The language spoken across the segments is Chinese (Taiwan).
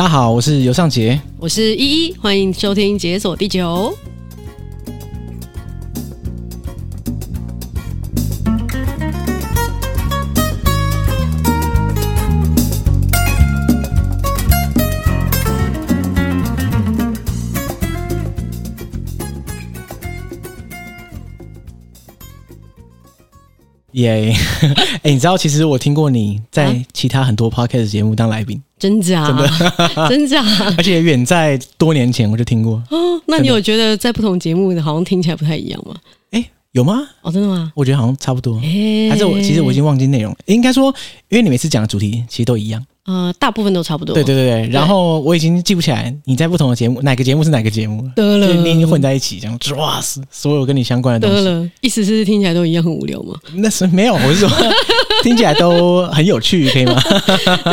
大家好，我是尤尚杰，我是依依，歡迎收聽《解鎖地球》。耶！哎 Yeah ,、yeah. 欸，你知道，其實我聽過你在其他很多 Podcast 節目當來賓，真假蛤真的，真假， 而且遠在多年前我就聽過。哦，那你，的你有覺得在不同節目好像聽起來不太一樣嗎？哎、欸，有嗎？哦，真的嗎？我覺得好像差不多。但、欸、是我其實我已經忘記內容。欸、應該說，因為你每次講的主題其實都一樣。呃，大部分都差不多。對對對對，對，然後我已經記不起來你在不同的節目，哪個節目是哪個節目了，就你混在一起，這樣抓 s 所有跟你相關的東西。了，意思是聽起來都一樣很無聊嗎？那是沒有，我是說聽起來都很有趣， 可以嗎？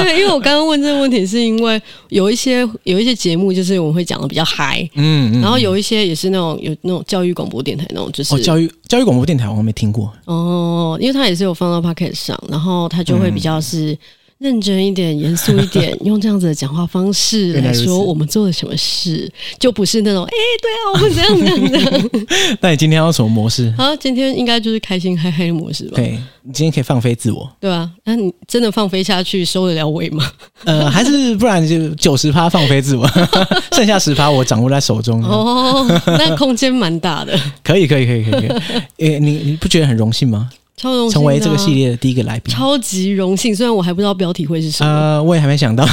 對，因為我剛剛問這個問題是因為有一些有一些節目就是我們會講的比較嗨、嗯，嗯，然後有一些也是那種有那種教育廣播電台那種，就是、哦、教育教育廣播電台我沒聽過哦，因為它也是有放到 Pocket 上，然後它就會比較是。嗯認真一點，嚴肅一點，用這樣子的講話方式來說， 來我們做了什麼事，就不是那種哎、欸，對啊，我們這樣子。那你今天要什麼模式？啊，今天應該就是開心嗨嗨 的模式吧？對，你今天可以放飛自我，對吧、啊？那你真的放飛下去，收得了尾嗎？呃，還是不然就九十趴放飛自我， 剩下十趴我掌握在手中是是。哦，那空間蠻大的。 可以，可以，可以，可以。誒、欸，你你不覺得很榮幸嗎？超榮幸、啊、成為這個系列的第一個來賓，超級榮幸。雖然我還不知道標題會是什麼，呃，我也還沒想到，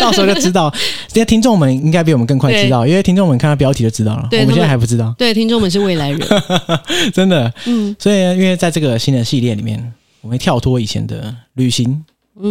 到時候就知道。 現在聽眾們應該比我們更快知道，對因為聽眾們看到標題就知道了。對我們現在還不知道，對，聽眾們是未來人， 真的。嗯，所以呢，因為在這個新的系列裡面，我們跳脫以前的旅行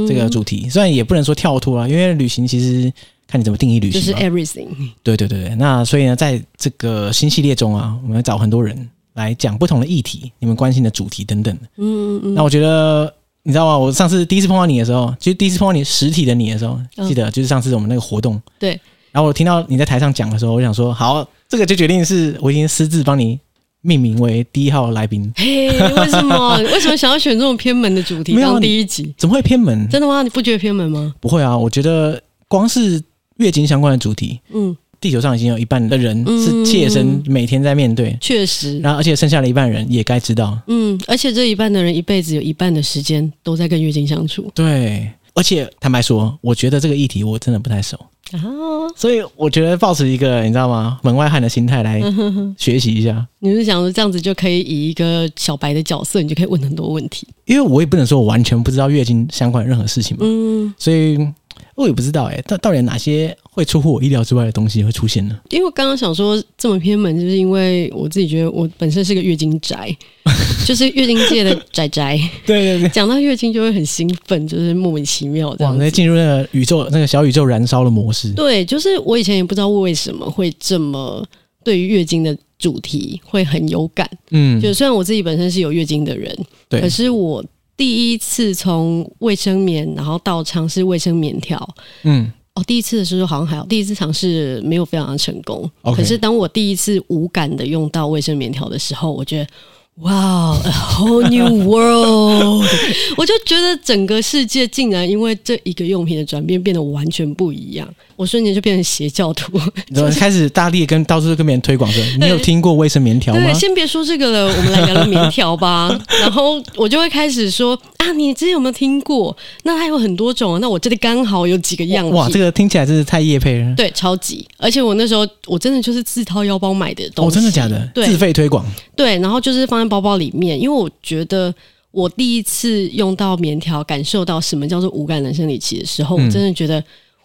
這個主題，嗯、雖然也不能說跳脫啊，因為旅行其實看你怎麼定義旅行，就是 everything。對對對，那所以呢，在這個新系列中啊，我們會找很多人。來講不同的議題，你們關心的主題等等。嗯，嗯嗯，那我覺得你知道嗎？我上次第一次碰到你的時候，其實第一次碰到你實體的你的時候，記得就是上次我們那個活動。嗯、對。然後我聽到你在台上講的時候，我想說，好，這個就決定是我已經私自幫你命名為第一號來賓。嘿，為什麼？ 為什麼想要選這種偏門的主題當第一集？怎麼會偏門？真的嗎？你不覺得偏門嗎？不會啊，我覺得光是月經相關的主題，嗯。地球上已經有一半的人是切身每天在面對，嗯、確實，然後而且剩下的一半的人也該知道，嗯，而且這一半的人一輩子有一半的時間都在跟月經相處，對，而且坦白說，我覺得這個議題我真的不太熟啊，所以我覺得抱持一個你知道嗎門外漢的心態來學習一下、啊呵呵，你是想說這樣子就可以以一個小白的角色，你就可以問很多問題，因為我也不能說我完全不知道月經相關任何事情嘛，嗯，所以。我也不知道哎、欸，到到底哪些會出乎我意料之外的東西會出現呢？因為我剛剛想說這麼偏門，就是因為我自己覺得我本身是個月經宅， 就是月經界的宅宅。 對對對，講到月經就會很興奮，就是莫名其妙這樣子，哇，那進入那個宇宙，那個小宇宙燃燒的模式。對，就是我以前也不知道為什麼會這麼對於月經的主題會很有感。嗯，就雖然我自己本身是有月經的人，對可是我。第一次從衛生棉，然後到嘗試衛生棉條，嗯，哦，第一次的時候好像還好，第一次嘗試沒有非常成功。Okay 可是當我第一次無感的用到衛生棉條的時候，我覺得，哇，wow，a whole new world， 我就覺得整個世界竟然因為這一個用品的轉變變得完全不一樣。我瞬間就變成邪教徒，就是、開始大力跟到處跟別人推廣說：“對你有聽過衛生棉條嗎？”對，先別說這個了，我們來聊聊棉條吧。 然後我就會開始說：“啊，你之前有沒有聽過？那它有很多種、啊，那我這裡剛好有幾個樣子。”哇，這個聽起來真是太業配了。對，超級，而且我那時候我真的就是自掏腰包買的東西，哦、真的假的？對自費推廣。對，然後就是放在包包裡面，因為我覺得我第一次用到棉條，感受到什麼叫做無感的生理期的時候，嗯、我真的覺得。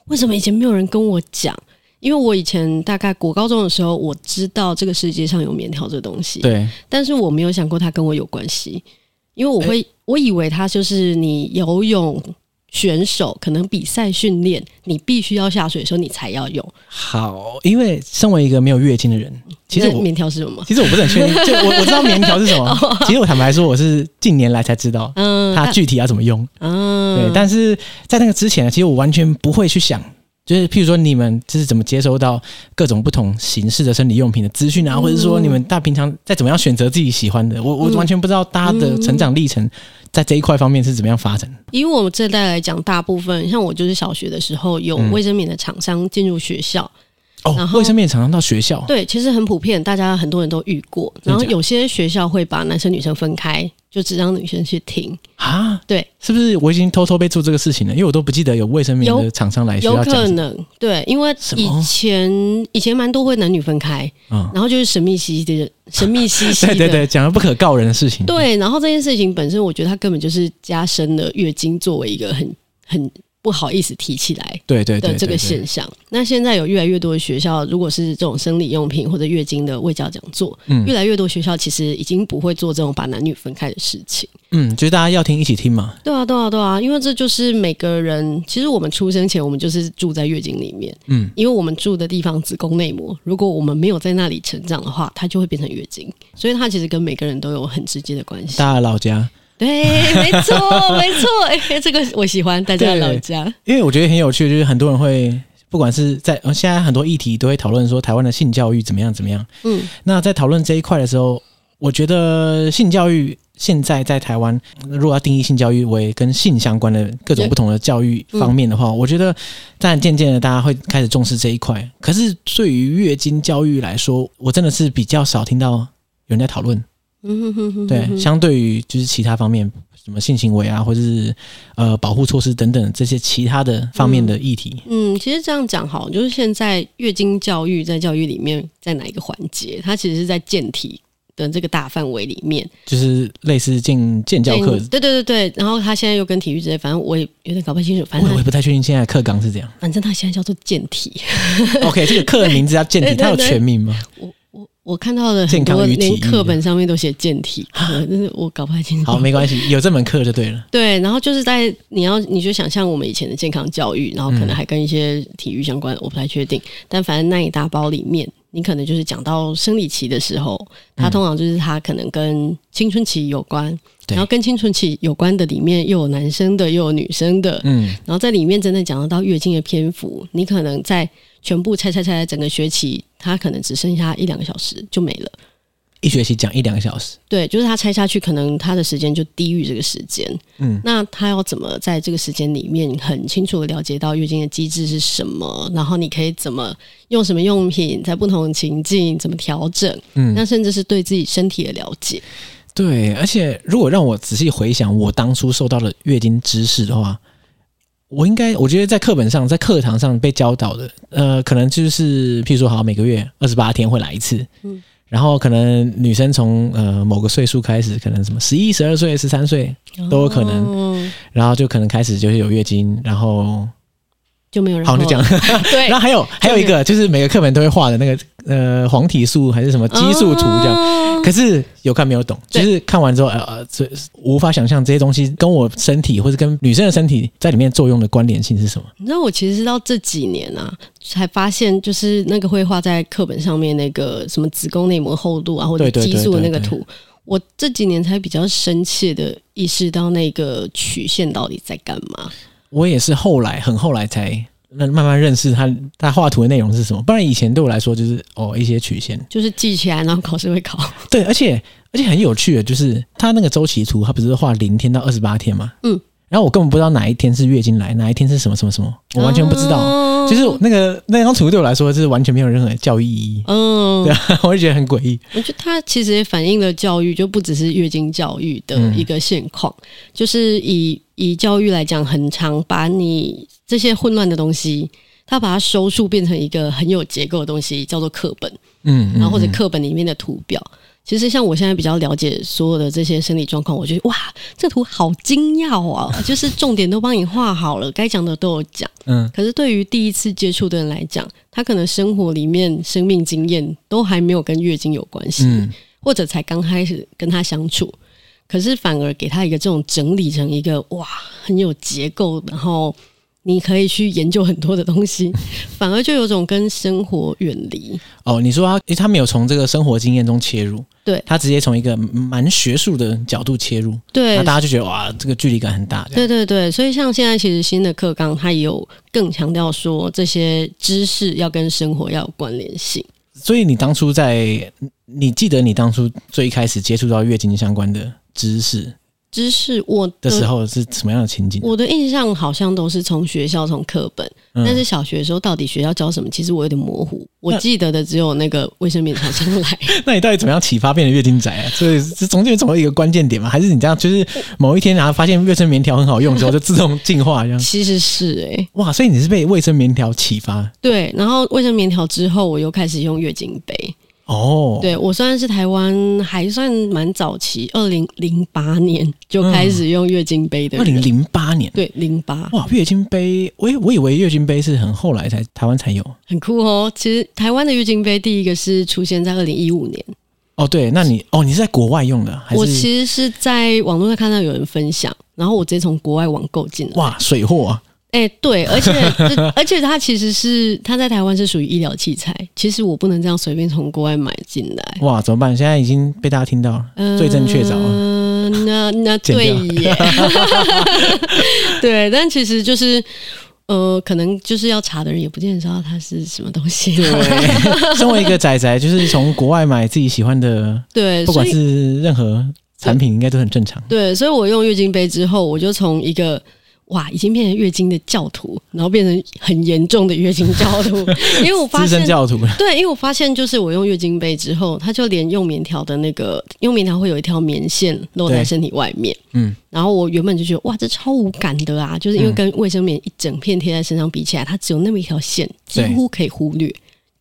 為什麼以前沒有人跟我講？因為我以前大概國高中的時候，我知道這個世界上有棉條這東西，對，但是我沒有想過它跟我有關係，因為我會，欸、我以為它就是你游泳選手可能比賽訓練，你必須要下水的時候，你才要用。好，因為身為一個沒有月經的人，其實棉條是什麼？其實我不是很確定， 就我我知道棉條是什麼。 其實我坦白說，我是近年來才知道它具體要怎麼用。嗯，對，但是在那個之前，其實我完全不會去想。就是，譬如說，你們就是怎麼接收到各種不同形式的生理用品的資訊啊？嗯、或者說，你們大平常在怎麼樣選擇自己喜歡的？我、嗯、我完全不知道大家的成長歷程在這一塊方面是怎麼樣發展。因為我們這代來講，大部分像我就是小學的時候，有衛生棉的廠商進入學校。嗯哦，然後衛生棉廠商到學校，對，其實很普遍，大家很多人都遇過。然後有些學校會把男生女生分開，就只讓女生去聽。啊，對，是不是我已經偷偷背出這個事情了？因為我都不記得有衛生棉的廠商來。有可能，對，因為以前什麼？以前蠻多會男女分開，然後就是神秘兮兮兮的，神秘兮兮， 對對對，講了不可告人的事情。對，然後這件事情本身，我覺得它根本就是加深了月經作為一個很很。不好意思提起來，對對的這個現象。那現在有越來越多的學校，如果是這種生理用品或者月經的衛教講座，嗯，越來越多的學校其實已經不會做這種把男女分開的事情。嗯，覺得大家要聽一起聽嘛。對啊，對啊，對啊，因為這就是每個人。其實我們出生前，我們就是住在月經裡面，嗯，因為我們住的地方子宮內膜。如果我們沒有在那裡成長的話，它就會變成月經，所以它其實跟每個人都有很直接的關係。大老家。對，沒錯，沒錯。這個我喜歡，大家老家。因為我覺得很有趣，就是很多人會，不管是在現在很多議題都會討論說台灣的性教育怎麼樣怎麼樣。嗯，那在討論這一塊的時候，我覺得性教育現在在台灣，如果要定義性教育為跟性相關的各種不同的教育方面的話，嗯、我覺得，但漸漸的大家會開始重視這一塊。可是對於月經教育來說，我真的是比較少聽到有人在討論。嗯哼哼哼， 對，相對於就是其他方面，什麼性行為啊，或者是呃保護措施等等這些其他的方面的議題。嗯，嗯，其實這樣講好，就是現在月經教育在教育裡面在哪一個環節？它其實是在健體的這個大範圍裡面，就是類似進健教課。對對對對，然後他現在又跟體育之類，反正我也有點搞不清楚。反正我也不太確定現在課綱是這樣。反正他現在叫做健體。 OK，這個課的名字叫健體，它 有全名嗎？我看到的健連課本上面都寫健體，健康與體育的，嗯、但是我搞不太清楚。好，沒關係，有這門課就對了。對，然後就是在你要你就想象我們以前的健康教育，然後可能還跟一些體育相關，嗯、我不太確定。但反正那一大包裡面，你可能就是講到生理期的時候，它通常就是它可能跟青春期有關，嗯、然後跟青春期有關的裡面又有男生的，又有女生的，嗯，然後在裡面真的講得到月經的篇幅，你可能在。全部拆拆拆，整個學期他可能只剩下一兩個小時就沒了。一學期講一兩個小時，對，就是他拆下去，可能他的時間就低於這個時間。嗯，那他要怎麼在這個時間裡面，很清楚的了解到月經的機制是什麼？然後你可以怎麼用什麼用品，在不同的情境怎麼調整？嗯，那甚至是對自己身體的了解。對，而且如果讓我仔細回想我當初受到的月經知識的話。我應該，我覺得在課本上、在課堂上被教導的，呃，可能就是，譬如說，好像每個月二十八天會來一次，嗯，然後可能女生從呃某個歲數開始，可能什麼十一、十二歲、十三歲都有可能，哦、然後就可能開始就是有月經，然後。就沒有人、啊、好，就講，對， 然後還有對還有一個就是每個課本都會畫的那個呃黃體素還是什麼激素圖這樣，啊、可是有看沒有懂，對就是看完之後呃，這無法想象這些東西跟我身體或是跟女生的身體在裡面作用的關聯性是什麼。那我其實到這幾年啊，才發現就是那個會畫在課本上面那個什麼子宮內膜厚度啊或者激素的那個圖，我這幾年才比較深切的意識到那個曲線到底在幹嘛。我也是後來很後來才慢慢認識他，他畫圖的內容是什麼？不然以前對我來說就是哦一些曲線，就是記起來，然後考試會考。對，而且而且很有趣的，就是他那個周期圖，他不是畫零天到二十八天嗎？嗯。然後我根本不知道哪一天是月經來，哪一天是什麼什麼什麼，我完全不知道。其實、啊、那個那張、個、圖對我來說，就是完全沒有任何教育意義。嗯，對，我就覺得很詭異。我覺得它其實也反映了教育，就不只是月經教育的一個現況，嗯、就是以以教育來講很，很常把你這些混亂的東西，它把它收束變成一個很有結構的東西，叫做課本。嗯，然後或者課本裡面的圖表。嗯、嗯、嗯。其實像我現在比較了解所有的這些生理狀況，我覺得哇，這圖好精妙啊！就是重點都幫你畫好了，該講的都有講。嗯，可是對於第一次接觸的人來講，他可能生活裡面生命經驗都還沒有跟月經有關係，嗯，或者才剛開始跟他相處，可是反而給他一個這種整理成一個哇，很有結構，然後你可以去研究很多的東西，反而就有種跟生活遠離。哦，你說啊，誒，他沒有從這個生活經驗中切入。對他直接從一個蠻學術的角度切入，那對大家就覺得哇，這個距離感很大。對對對，所以像現在其實新的課綱，它也有更強調說這些知識要跟生活要有關聯性。所以你當初在，你記得你當初最開始接觸到月經相關的知識。知識我的、的時候是什麼樣的情景？我的印象好像都是從學校、從課本，嗯、但是小學的時候到底學校教什麼，其實我有點模糊。那我記得的只有那個衛生棉條上來。 那你到底怎麼樣啟發變成月經宅啊？所以是中間怎麼有一個關鍵點嗎？還是你這樣就是某一天，然後發現衛生棉條很好用，之後就自動進化這樣？ 其實是誒、欸、哇！所以你是被衛生棉條啟發？對，然後衛生棉條之後我又開始用月經杯。哦，對，我算是台灣還算蠻早期，二零零八年就開始用月經杯的。二零零八年，對，零八。哇，月經杯，我我以為月經杯是很後來才台灣才有，很酷哦。其實台灣的月經杯第一個是出現在二零一五年。哦，對，那你哦，你是在國外用的，還是？我其實是在網絡上看到有人分享，然後我直接從國外網購進來。哇，水貨啊！哎、欸，對，而且而且它其實是它在台灣是屬於醫療器材，其實我不能這樣隨便從國外買進來。哇，怎麼辦？現在已經被大家聽到了，罪證確鑿了。嗯、呃，那那對耶，剪掉 對，但其實就是呃，可能就是要查的人也不見得知道它是什麼東西。對， 身為一個宅宅，就是從國外買自己喜歡的，對，不管是任何產品，以應該都很正常。對，所以我用月經杯之後，我就從一個。哇，已經變成月經的教徒，然後變成很嚴重的月經教徒，因為我發現， 自身教徒對，因為我發現就是我用月經杯之後，它就連用棉條的那個用棉條會有一條棉線露在身體外面，嗯，然後我原本就覺得哇，這超無感的啊，就是因為跟衛生棉一整片貼在身上比起來，它只有那麼一條線，幾乎可以忽略。對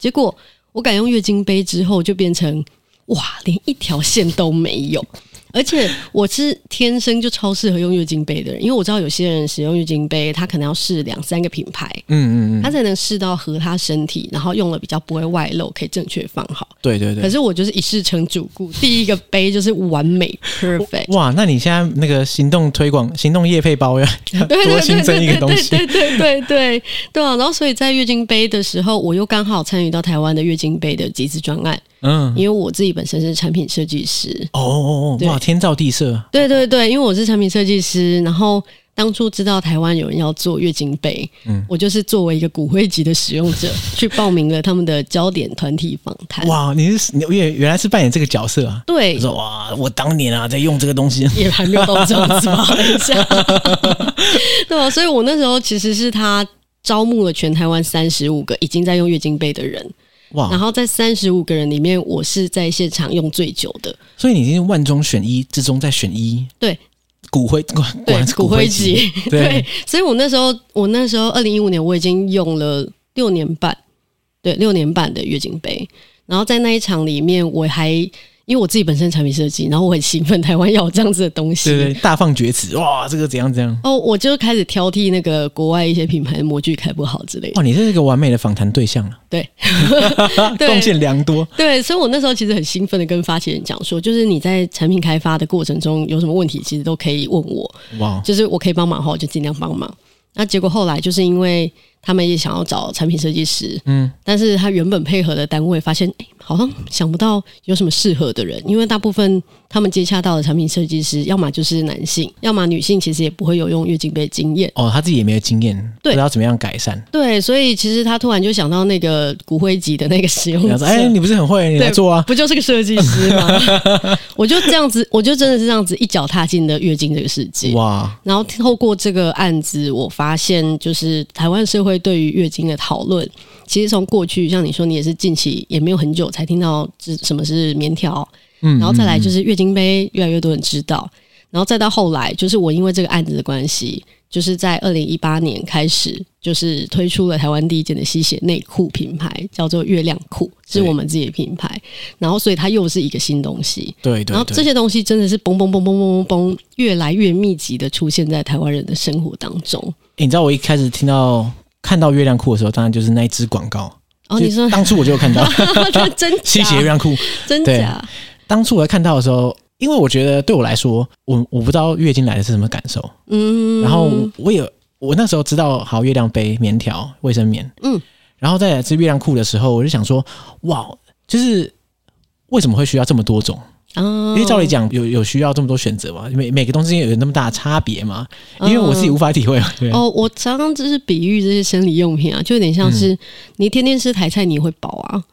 結果我改用月經杯之後，就變成哇，連一條線都沒有。而且我是天生就超適合用月經杯的人，因為我知道有些人使用月經杯，他可能要試兩三個品牌，嗯嗯嗯，他才能試到合他身體，然後用了比較不會外露，可以正確放好。對對對。可是我就是一試成主顧，第一個杯就是完美 perfect。哇，那你現在那個行動推廣行動業配包呀，多新增一個東西，對對對對對對對，對，對，對啊。然後所以在月經杯的時候，我又剛好參與到台灣的月經杯的集資專案。嗯，因為我自己本身是產品設計師。哦哦哦，哇，對天造地設。對，對對對，因為我是產品設計師，然後當初知道台灣有人要做月經杯，嗯，我就是作為一個骨灰級的使用者 去報名了他們的焦點團體訪談。哇，你是你原原來是扮演這個角色啊？對，說哇，我當年啊在用這個東西，也還沒有到這個 對吧，所以我那時候其實是他招募了全台灣三十五個已經在用月經杯的人。哇！然後在三十五個人裡面，我是在現場用最久的，所以你已經萬中選一之中再選一，對，骨灰，骨骨灰級，對，所以我那時候，我那時候二零一五年我已經用了六年半，對，六年半的月經杯，然後在那一場裡面我還。因為我自己本身產品設計，然後我很興奮，台灣要有這樣子的東西，對，對，對，大放厥詞，哇，這個怎樣怎樣？哦，oh, 我就開始挑剔那個國外一些品牌的模具開不好之類的。哇、哦，你是一個完美的訪談對象了、啊，對，貢獻 良多對。對，所以我那時候其實很興奮的跟發起人講說，就是你在產品開發的過程中有什麼問題，其實都可以問我。哇 Wow，就是我可以幫忙的話，我就儘量幫忙。那結果後來就是因為他們也想要找產品設計師，嗯，但是他原本配合的單位發現。欸好像想不到有什麼適合的人，因為大部分他們接洽到的產品設計師，要麼就是男性，要麼女性，其實也不會有用月經杯經驗。哦，他自己也沒有經驗，不知道怎麼樣改善。對，所以其實他突然就想到那個骨灰級的那個使用者，哎、欸，你不是很會，你來做啊？不就是個設計師嗎？ 我就這樣子，我就真的是這樣子一腳踏進了月經這個世界。哇！然後透過這個案子，我發現就是台灣社會對於月經的討論。其實從過去，像你說，你也是近期也沒有很久才聽到是什麼是棉條，嗯，嗯，嗯，然後再來就是月經杯越來越多人知道，然後再到後來，就是我因為這個案子的關係，就是在二零一八年開始，就是推出了台灣第一件的吸血內褲品牌，叫做月亮褲，對是我們自己的品牌。然後所以它又是一個新東西，對，對，對，然後這些東西真的是嘣嘣嘣嘣嘣嘣嘣，越來越密集的出現在台灣人的生活當中。你知道我一開始聽到。看到月亮褲的時候，當然就是那一支廣告哦。你說當初我就有看到，謝謝 月亮褲，真假？對，當初我看到的時候，因為我覺得對我來說，我我不知道月經來的是什麼感受，嗯。然後我也，我那時候知道，好，月亮杯、棉條、衛生棉，嗯。然後再來吃月亮褲的時候，我就想說，哇，就是為什麼會需要這麼多種？嗯、因為照理講，有有需要這麼多選擇嘛？每每個東西有那麼大差別嗎？因為我自己無法體會。嗯、對哦，我常常就是比喻這些生理用品啊，就有點像是，嗯、你天天吃台菜，你會飽啊。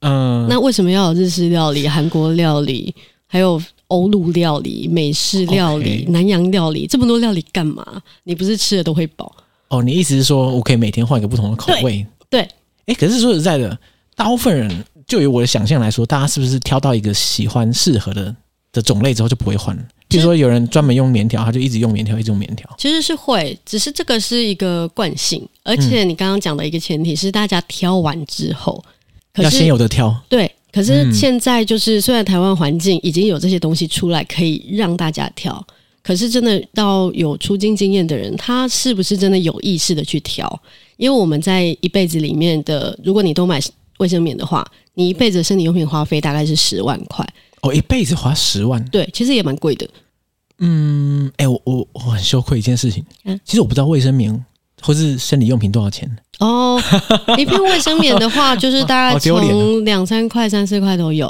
嗯，那為什麼要有日式料理，韓國料理，還有歐陸料理，美式料理，哦 okay，南洋料理這麼多料理幹嘛？你不是吃的都會飽？哦，你意思是說，我可以每天換一個不同的口味？對。哎，欸，可是說實在的，大部分人。就以我的想象來說，大家是不是挑到一個喜歡、適合的的種類之後就不會換了？比如實說有人專門用棉條，他就一直用棉條，一直用棉條。其實是會，只是這個是一個慣性。而且你剛剛講的一個前提是，大家挑完之後，嗯、可是要先有的挑。對，可是現在就是，雖然台灣環境已經有這些東西出來，可以讓大家挑，嗯、可是真的到有初經經驗的人，他是不是真的有意識的去挑？因為我們在一輩子裡面的，如果你都買，衛生棉的話，你一輩子的生理用品花費大概是十萬塊。哦，一輩子花十萬？對，其實也蠻貴的。嗯，誒、欸，我我我很羞愧一件事情。嗯，其實我不知道衛生棉或是生理用品多少錢？哦，一片衛生棉的話， 就是大概從兩三塊、三四塊都有。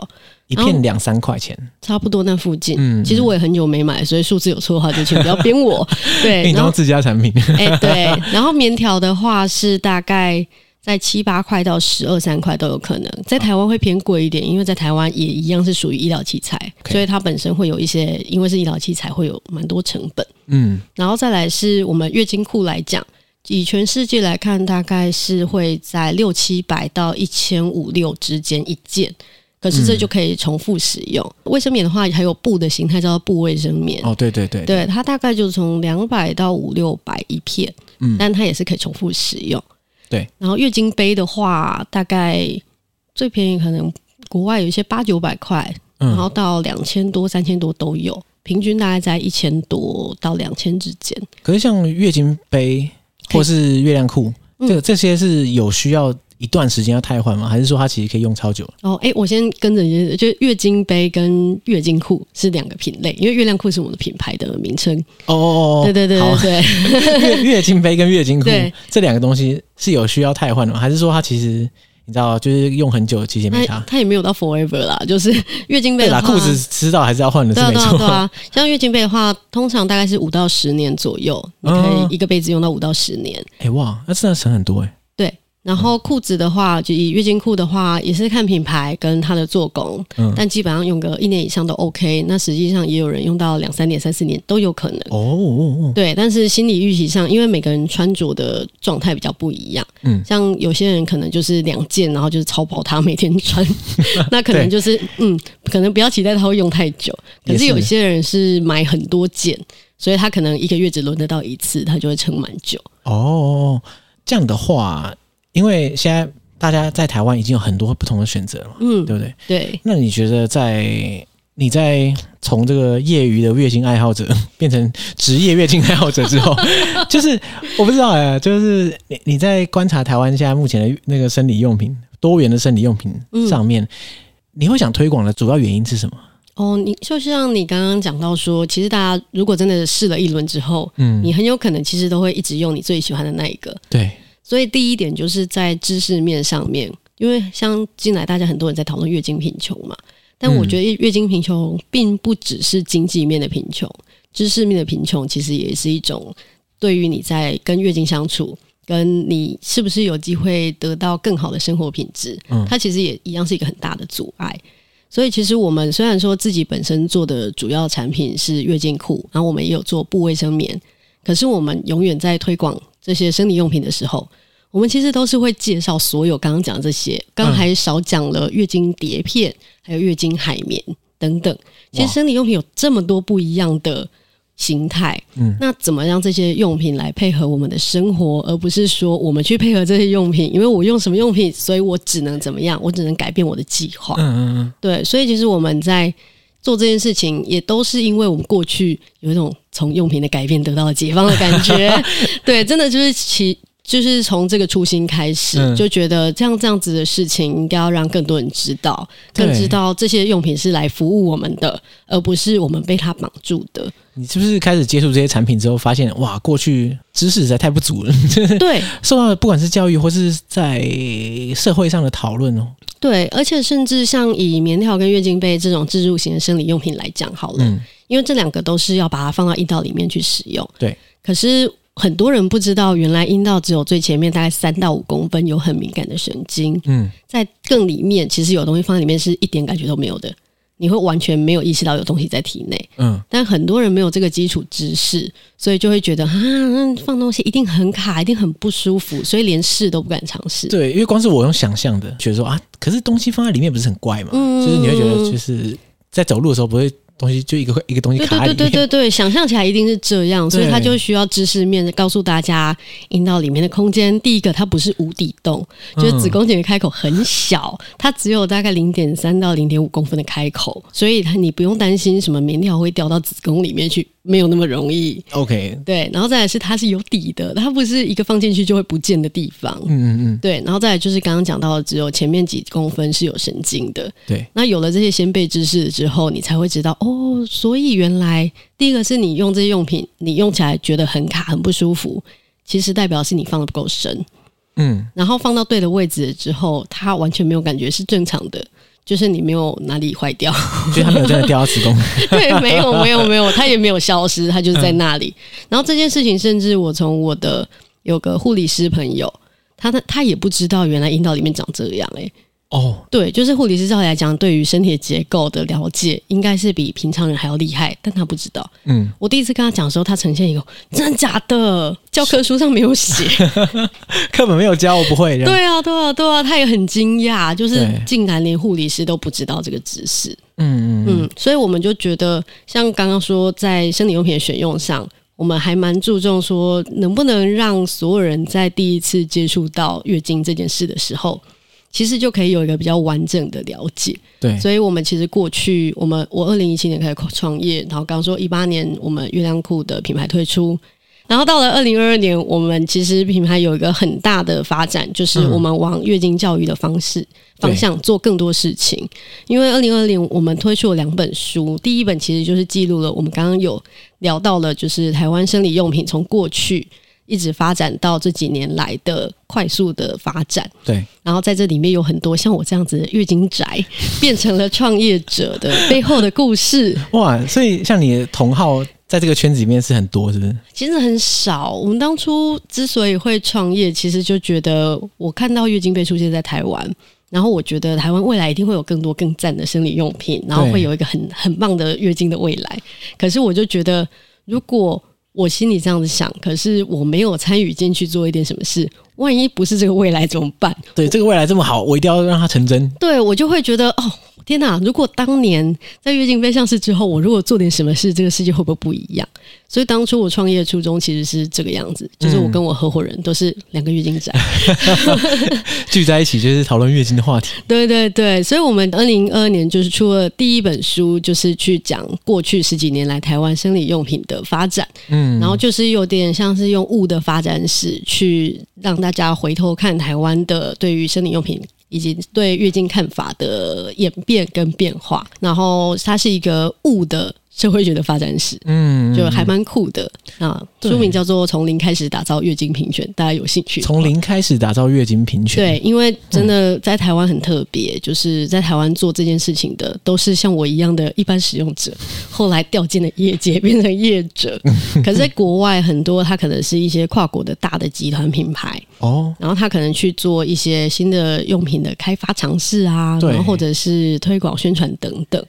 喔、後一片兩三塊錢，差不多那附近。嗯，其實我也很久沒買，所以數字有錯的話就請不要鞭我。 對，然後你自家產品。誒、 欸，對，然後棉條的話是大概。在七八塊到十二三塊都有可能，在台灣會偏貴一點，因為在台灣也一樣是屬於醫療器材，所以它本身會有一些，因為是醫療器材會有蠻多成本。嗯，然後再來是我們月經褲來講，以全世界來看，大概是會在六七百到一千五六之間一件，可是這就可以重複使用。衛生棉的話，還有布的形態叫做布衛生棉。哦，對對對，對它大概就從兩百到五六百一片，嗯，但它也是可以重複使用。對，然後月經杯的話，大概最便宜可能國外有一些八九百塊，嗯、然後到兩千多、三千多都有，平均大概在一千多到兩千之間。可是像月經杯或是月亮褲，這個這些是有需要一段時間要汰換嗎？還是說它其實可以用超久？哦，哎、欸，我先跟着就是，就月經杯跟月經褲是兩個品類，因為月亮褲是我們的品牌的名稱。哦哦哦，對對對，好對。 月月經杯跟月經褲對這兩個東西是有需要汰換的嗎？還是說它其實你知道就是用很久其實也沒差？它也沒有到 forever 啦，就是月經杯的話對啦，褲子遲早還是要換的是沒錯、啊啊啊、像月經杯的話，通常大概是五到十年左右，嗯、你可以一個杯子用到五到十年。哎、欸、哇，那、啊、真的省很多哎、欸。然後褲子的話，就以月經褲的話，也是看品牌跟它的做工，嗯、但基本上用個一年以上都 OK。那實際上也有人用到兩三年，三四年都有可能。哦，對。但是心理預期上，因為每個人穿着的狀態比較不一樣，嗯，像有些人可能就是兩件，然後就是超薄，他每天穿，嗯、 那可能就是對嗯，可能不要期待他會用太久。可是有些人是買很多件，是所以他可能一個月只輪得到一次，他就會撐蠻久。哦，這樣的話。因為現在大家在台灣已經有很多不同的選擇了，嗯，對不對？對。那你覺得在你在從這個業餘的月經愛好者變成職業月經愛好者之後， 就是我不知道哎、啊，就是你你在觀察台灣現在目前的那個生理用品多元的生理用品上面，嗯，你會想推廣的主要原因是什麼？哦，你就像你剛剛講到說，其實大家如果真的試了一輪之後，嗯，你很有可能其實都會一直用你最喜歡的那一個，對。所以第一點就是在知識面上面，因為像近來大家很多人在討論月經貧窮嘛，但我覺得月經貧窮並不只是經濟面的貧窮，知識面的貧窮其實也是一種對於你在跟月經相處，跟你是不是有機會得到更好的生活品質，它其實也一樣是一個很大的阻礙。所以其實我們雖然說自己本身做的主要產品是月經褲，然後我們也有做布衛生棉，可是我們永遠在推廣。這些生理用品的時候，我們其實都是會介紹所有剛剛講的這些，剛還少講了月經碟片，還有月經海綿等等。其實生理用品有這麼多不一樣的形態，嗯，那怎麼讓這些用品來配合我們的生活，而不是說我們去配合這些用品？因為我用什麼用品，所以我只能怎麼樣？我只能改變我的計劃。嗯嗯，對，所以其實我們在。做這件事情也都是因為我們過去有一種從用品的改變得到了解放的感覺， 對，真的就是其就是從這個初心開始，嗯、就覺得這樣這樣子的事情應該要讓更多人知道，對更知道這些用品是來服務我們的，而不是我們被它綁住的。你是不是開始接觸這些產品之後，發現哇，過去知識實在太不足了？ 對，受到的不管是教育或是在社會上的討論哦。對，而且甚至像以棉條跟月經杯這種置入型的生理用品來講，好了，嗯，因為這兩個都是要把它放到陰道裡面去使用。對，可是很多人不知道，原來陰道只有最前面大概三到五公分有很敏感的神經，嗯，在更裡面其實有東西放在裡面是一點感覺都沒有的。你會完全沒有意識到有東西在體內，嗯，但很多人沒有這個基礎知識，所以就會覺得啊，放東西一定很卡，一定很不舒服，所以連試都不敢嘗試。對，因為光是我用想象的，覺得說啊，可是東西放在裡面不是很怪嘛？嗯，就是你會覺得就是在走路的時候不會。東西就一個一個東西卡，對對對對對，想象起來一定是這樣，對所以它就需要知識面告訴大家，陰道裡面的空間。第一個，它不是無底洞，嗯、就是子宮頸的開口很小，它只有大概零點三到零點五公分的開口，所以它你不用擔心什麼棉條會掉到子宮裡面去。沒有那麼容易，OK，對，然後再來是它是有底的，它不是一個放進去就會不見的地方，嗯嗯嗯，對，然後再來就是剛剛講到的，只有前面幾公分是有神經的，對，那有了這些先備知識之後，你才會知道，哦，所以原來第一個是你用這些用品，你用起來覺得很卡很不舒服，其實代表是你放得不夠深，嗯，然後放到對的位置之後，它完全沒有感覺是正常的。就是你沒有哪裡壞掉，就是它沒有掉到子宮。 對，沒有沒有沒有，它也沒有消失，它就是在那裡。嗯、然後這件事情，甚至我從我的有個護理師朋友，他他他也不知道原來陰道裡面長這樣誒、欸。哦，oh。對，就是護理師上來講，對於身體結構的了解應該是比平常人還要厲害，但他不知道。嗯，我第一次跟他講的時候，他呈現一個真的假的，是教科書上沒有寫，課 本沒有教，我不會。對啊，對啊，對啊，他也很驚訝，就是竟然連護理師都不知道這個知識。對嗯嗯，所以我們就覺得，像剛剛說在生理用品的選用上，我們還蠻注重說能不能讓所有人在第一次接觸到月經這件事的時候。其實就可以有一個比較完整的了解。對，所以我們其實過去，我們我二零一七年開始創業，然後剛剛說一八年我們月亮褲的品牌推出，然後到了二零二二年，我們其實品牌有一個很大的發展，就是我們往月經教育的方式、嗯、方向做更多事情。對因為二零二零我們推出了兩本書，第一本其實就是記錄了我們剛剛有聊到了，就是台灣生理用品從過去。一直發展到這幾年來的快速的發展，對。然後在這裡面有很多像我這樣子的月經宅變成了創業者的背後的故事，哇！所以像你的同好，在這個圈子裡面是很多，是不是？其實很少。我們當初之所以會創業，其實就覺得我看到月經杯出現在台灣，然後我覺得台灣未來一定會有更多更讚的生理用品，然後會有一個很很棒的月經的未來。可是我就覺得如果。我心裡這樣子想，可是我沒有參與進去做一點什麼事。萬一不是這個未來怎麼辦？對，這個未來這麼好，我一定要讓它成真。對，我就會覺得哦，天哪！如果當年在月經杯上市之後，我如果做點什麼事，這個世界會不會不一樣？所以當初我創業初衷其實是這個樣子，就是我跟我合夥人都是兩個月經宅、嗯、 聚在一起，就是討論月經的話題。對對對，所以我們二零二二年就是出了第一本書，就是去講過去十幾年來台灣生理用品的發展。嗯，然後就是有點像是用物的發展史去讓大家。大家回頭看台灣的對於生理用品以及對月經看法的演變跟變化，然後它是一個物的。社會學的發展史，嗯，就還蠻酷的啊。對書名叫做《從零開始打造月經平權》，大家有興趣？從零開始打造月經平權，對，因為真的在台灣很特別，嗯、就是在台灣做這件事情的都是像我一樣的一般使用者，後來掉進了業界，變成業者。 可是在國外，很多他可能是一些跨國的大的集團品牌哦，然後他可能去做一些新的用品的開發嘗試啊，對然後或者是推廣宣傳等等。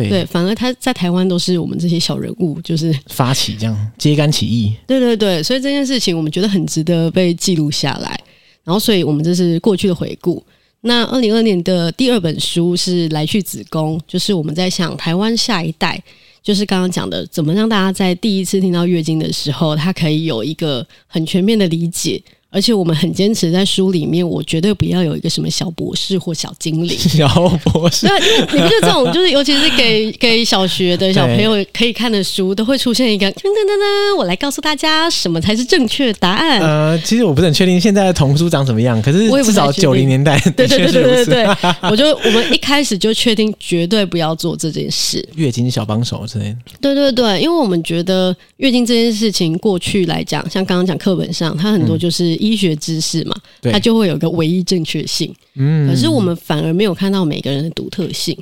對，反而他在台灣都是我們這些小人物，就是發起這樣揭竿起義。對對對，所以這件事情我們覺得很值得被記錄下來。然後，所以我們這是過去的回顧。那二零二年的第二本書是《來去子宮》，就是我們在想台灣下一代，就是剛剛講的，怎麼讓大家在第一次聽到月經的時候，他可以有一個很全面的理解。而且我們很堅持在書裡面，我絕對不要有一個什麼小博士或小精靈。小博士。對，因為你不就這種，就是尤其是給給小學的小朋友可以看的書，對都會出現一個噔噔噔噔，我來告訴大家什麼才是正確答案。呃，其實我不是很確定現在的童書長什麼樣，可是至少九零年代的確如此，對對對對對對，我就我們一開始就確定絕對不要做這件事。月經小幫手之類，對，對對對，因為我們覺得月經這件事情過去來講，像剛剛講課本上，它很多就是、嗯。醫學知識嘛，對它就會有一個唯一正確性。嗯，可是我們反而沒有看到每個人的獨特性。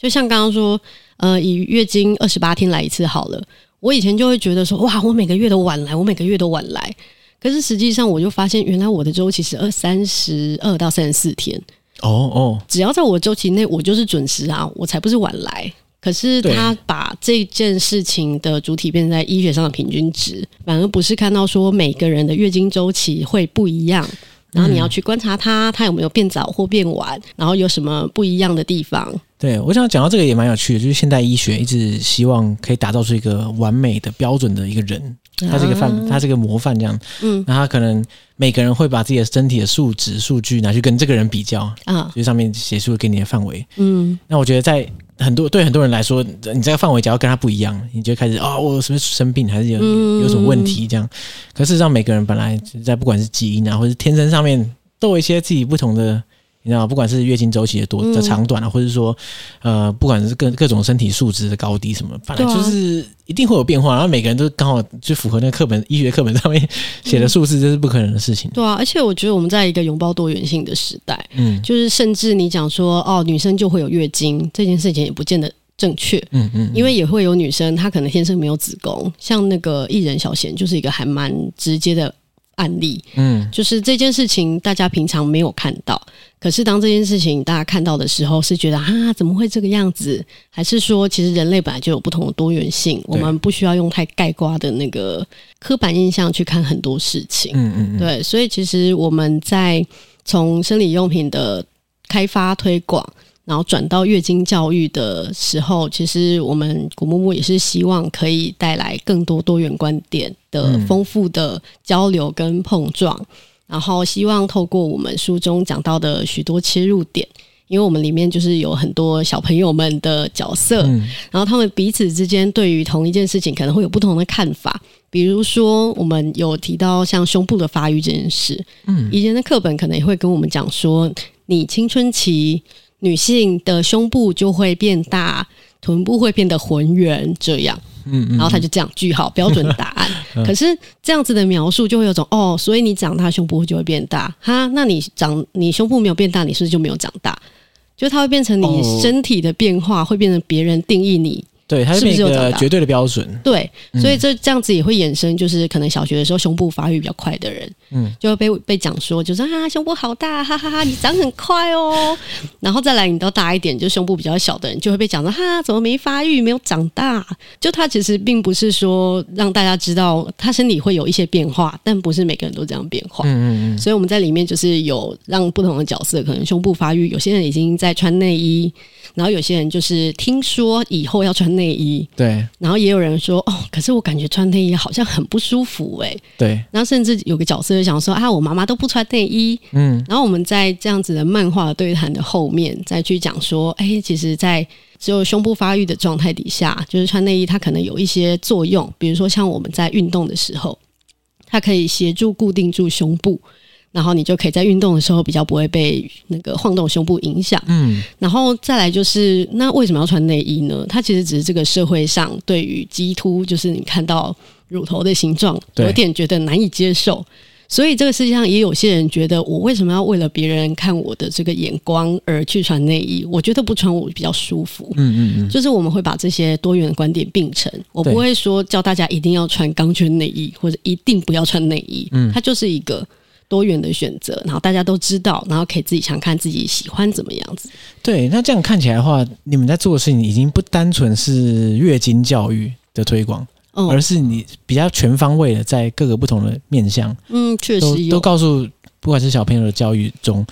就像剛剛說，呃，以月經二十八天來一次好了。我以前就會覺得說，哇，我每個月都晚來，我每個月都晚來。可是實際上，我就發現原來我的周期是二三十二到三十四天。哦哦，只要在我周期內，我就是準時啊，我才不是晚來。可是他把這件事情的主體變成在醫學上的平均值，反而不是看到說每個人的月經周期會不一樣，然後你要去觀察他，他有沒有變早或變晚，然後有什麼不一樣的地方。對，我想講到這個也蠻有趣的，就是現代醫學一直希望可以打造出一個完美的標準的一個人，他是一個範，啊、他是一個模範這樣。嗯，那他可能每個人會把自己的身體的數值數據拿去跟這個人比較啊，所以上面寫出了給你的範圍。嗯，那我覺得在很多對很多人來說，你這個範圍只要跟他不一樣，你就開始哦，我是不是生病還是有有什麼問題這樣？嗯、可是事實上每個人本來在不管是基因啊或者天生上面都有一些自己不同的。你知道，不管是月經周期的多的長短啊，嗯、或者說，呃，不管是各各種身體素質的高低什麼，反正就是一定會有變化。啊、然後每個人都剛好就符合那個課本醫學課本上面寫的數字，嗯、這是不可能的事情。對啊，而且我覺得我們在一個擁抱多元性的時代，嗯，就是甚至你講說哦，女生就會有月經這件事情也不見得正確，嗯，嗯嗯，因為也會有女生她可能天生沒有子宮，像那個藝人小嫻就是一個還蠻直接的案例，嗯，就是這件事情大家平常沒有看到，可是當這件事情大家看到的時候，是覺得啊，怎麼會這個樣子？還是說，其實人類本來就有不同的多元性，對我們不需要用太概括的那個刻板印象去看很多事情。嗯，嗯嗯，對，所以其實我們在從生理用品的開發推廣。然後轉到月經教育的時候，其實我們古木木也是希望可以帶來更多多元觀點的豐富的交流跟碰撞。嗯、然後希望透過我們書中講到的許多切入點，因為我們裡面就是有很多小朋友們的角色，嗯、然後他們彼此之間對於同一件事情可能會有不同的看法。比如說，我們有提到像胸部的發育這件事，嗯，以前的課本可能也會跟我們講說，你青春期。女性的胸部就會變大，臀部會變得渾圓，這樣。嗯，然後他就這樣句號，標準答案。 可是這樣子的描述就會有種哦，所以你長大，胸部就會變大哈？那你長你胸部沒有變大，你是不是就沒有長大？就它會變成你身體的變化，哦、會變成別人定義你。對，它是那是個絕對的標準。對，所以這這樣子也會衍生，就是可能小學的時候胸部發育比較快的人，嗯，就會被被講說，就是啊，胸部好大，哈哈哈，你長很快哦。 然後再來，你到大一點，就胸部比較小的人，就會被講說，哈、啊，怎麼沒發育，沒有長大？就他其實並不是說讓大家知道他身體會有一些變化，但不是每個人都這樣變化。嗯嗯嗯。所以我們在裡面就是有讓不同的角色，可能胸部發育，有些人已經在穿內衣，然後有些人就是聽說以後要穿內衣。內衣對，然後也有人說哦，可是我感覺穿內衣好像很不舒服欸。對，然後甚至有個角色就想說啊，我媽媽都不穿內衣。嗯，然後我們在這樣子的漫畫對談的後面再去講說，欸，其實，在只有胸部發育的狀態底下，就是穿內衣，它可能有一些作用，比如說像我們在運動的時候，它可以協助固定住胸部。然後你就可以在運動的時候比較不會被那個晃動胸部影響。嗯，然後再來就是，那為什麼要穿內衣呢？它其實只是這個社會上對於激凸，就是你看到乳頭的形狀有點覺得難以接受，對所以這個世界上也有些人覺得，我為什麼要為了別人看我的這個眼光而去穿內衣？我覺得不穿我比較舒服。嗯嗯嗯，嗯嗯，就是我們會把這些多元的觀點併成，我不會說教大家一定要穿鋼圈內衣或者一定不要穿內衣。嗯，它就是一個。多元的選擇，然後大家都知道，然後可以自己想看自己喜歡怎麼樣子。對，那這樣看起來的話，你們在做的事情已經不單純是月經教育的推廣，嗯，而是你比較全方位的在各個不同的面向，嗯，確實。都，都告訴不管是小朋友的教育中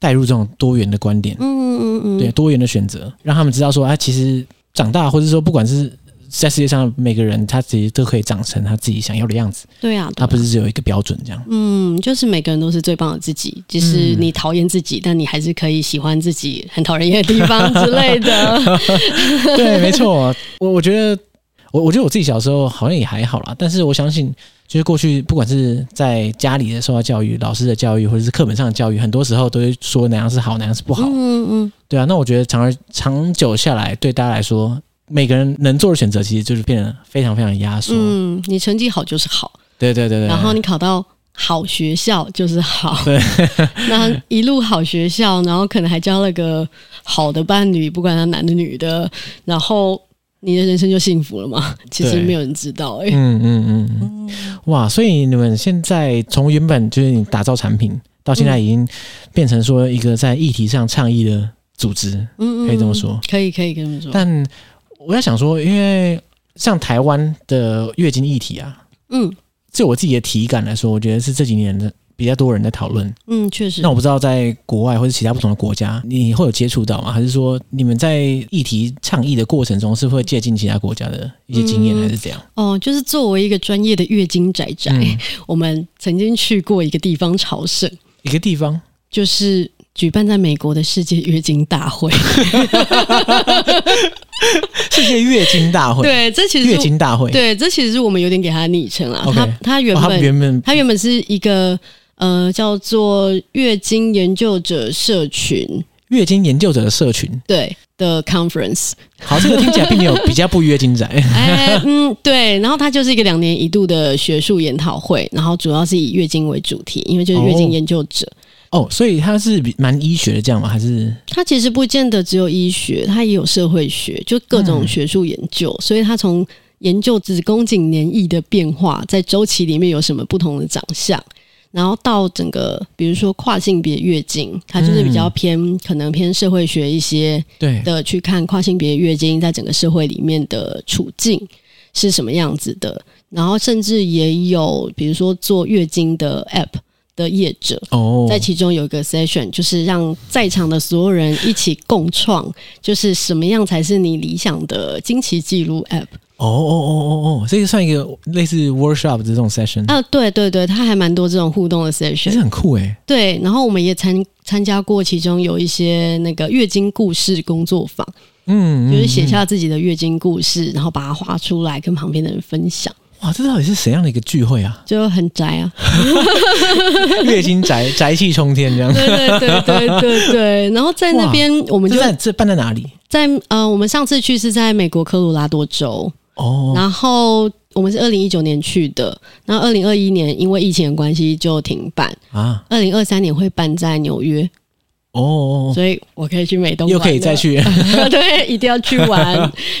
帶入這種多元的觀點，嗯，嗯嗯嗯，對，多元的選擇，讓他們知道說，哎，啊，其實長大或者說不管是。在世界上，每個人他其實都可以長成他自己想要的樣子。對啊，對啊，他不是只有一個標準這樣。嗯，就是每個人都是最棒的自己。即使你討厭自己，嗯、但你還是可以喜歡自己很討人厭的地方之類的。 對，沒錯、啊。我我覺得，我我覺得我自己小時候好像也還好啦。但是我相信，就是過去不管是在家裡的受到教育、老師的教育，或者是課本上的教育，很多時候都會說哪樣是好，哪樣是不好。嗯嗯。對啊，那我覺得長而長久下來，對大家來說，每個人能做的選擇，其實就是變得非常非常壓縮。嗯，你成績好就是好，對對對對。然後你考到好學校就是好，對。 那一路好學校，然後可能還交了個好的伴侶，不管他男的女的，然後你的人生就幸福了嗎？其實對沒有人知道、欸嗯，嗯嗯嗯嗯。嗯哇，所以你們現在從原本就是打造產品，到現在已經變成說一個在議題上倡議的組織，嗯嗯，可以這麼說，可以可以這麼說，但。我在想說，因為像台灣的月經議題啊，嗯，就我自己的體感來說，我覺得是這幾年的比較多人在討論，嗯，確實。那我不知道在國外或者其他不同的國家，你會有接觸到嗎？還是說你們在議題倡議的過程中，是會借鑒其他國家的一些經驗，還是怎樣？嗯，哦，就是作為一個專業的月經宅宅，嗯，我們曾經去過一個地方朝聖，一個地方就是舉辦在美國的世界月經大會。 世界 月經大會，對，這其實月經大會，對，這其實是我們有點給它的昵稱啊。OK，他它原本，哦、他原本，它原本是一個呃叫做月經研究者社群，月經研究者的社群，對的 conference。好，這個聽起來並沒有比較不月經宅、 哎。嗯，對。然後它就是一個兩年一度的學術研討會，然後主要是以月經為主題，因為就是月經研究者。哦哦，oh, 所以它是比蠻醫學的這樣嗎？還是它其實不見得只有醫學，它也有社會學，就各種學術研究。嗯、所以它從研究子宮頸黏液的變化在周期裡面有什麼不同的長相，然後到整個比如說跨性別月經，它就是比較偏、嗯、可能偏社會學一些的對去看跨性別月經在整個社會裡面的處境是什麼樣子的，然後甚至也有比如說做月經的 App。的、嗯嗯嗯嗯、業者在其中有一個 session，就是讓在場的所有人一起共創，就是什麼樣才是你理想的經期記錄 app。哦哦哦哦哦，這個算一個類似 workshop 這種 session。啊，對對對，它還蠻多這種互動的 session，其實很酷哎、欸。對，然後我們也參參加過其中有一些那個月經故事工作坊，嗯，嗯，就是寫下自己的月經故事，然後把它畫出來跟旁邊的人分享。哇，這到底是怎樣的一個聚會啊？就很宅啊， 月經宅，宅氣沖天這樣。對對對對對。然後在那邊，我們就這在這辦在哪裡？在呃，我們上次去是在美國科羅拉多州，哦，然後我們是二零一九年去的，然後二零二一年因為疫情的關係就停辦啊。二零二三年會辦在紐約哦、哦、哦、哦，所以我可以去美東，又可以再去， 對，一定要去玩，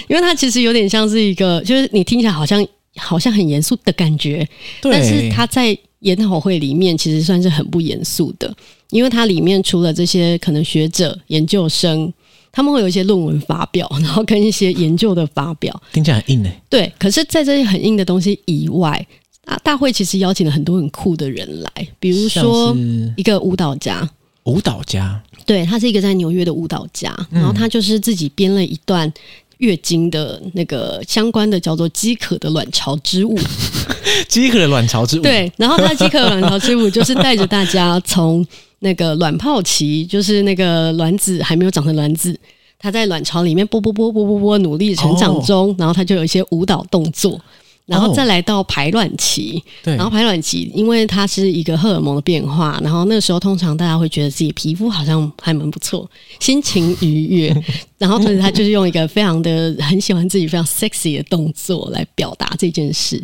因為它其實有點像是一個，就是你聽起來好像。好像很嚴肅的感覺，對但是他在研討會裡面其實算是很不嚴肅的，因為它裡面除了這些可能學者、研究生，他們會有一些論文發表，然後跟一些研究的發表。聽起來很硬呢？對，對可是，在這些很硬的東西以外，啊，大會其實邀請了很多很酷的人來，比如說一個舞蹈家，舞蹈家，對他是一個在紐約的舞蹈家，嗯、然後他就是自己編了一段。月經的那個相關的叫做飢渴的卵巢之物， 飢渴的卵巢之物。對，然後它飢渴的卵巢之物就是帶着大家從那個卵泡期，就是那個卵子還沒有長成卵子，它在卵巢裡面啵啵啵啵啵啵啵努力成長中，哦，然後它就有一些舞蹈動作。然後再來到排卵期，oh, 對，然後排卵期，因為它是一個荷爾蒙的變化，然後那個時候通常大家會覺得自己皮膚好像還蠻不錯，心情愉悅， 然後所以他就是用一個非常的很喜歡自己非常 sexy 的動作來表達這件事，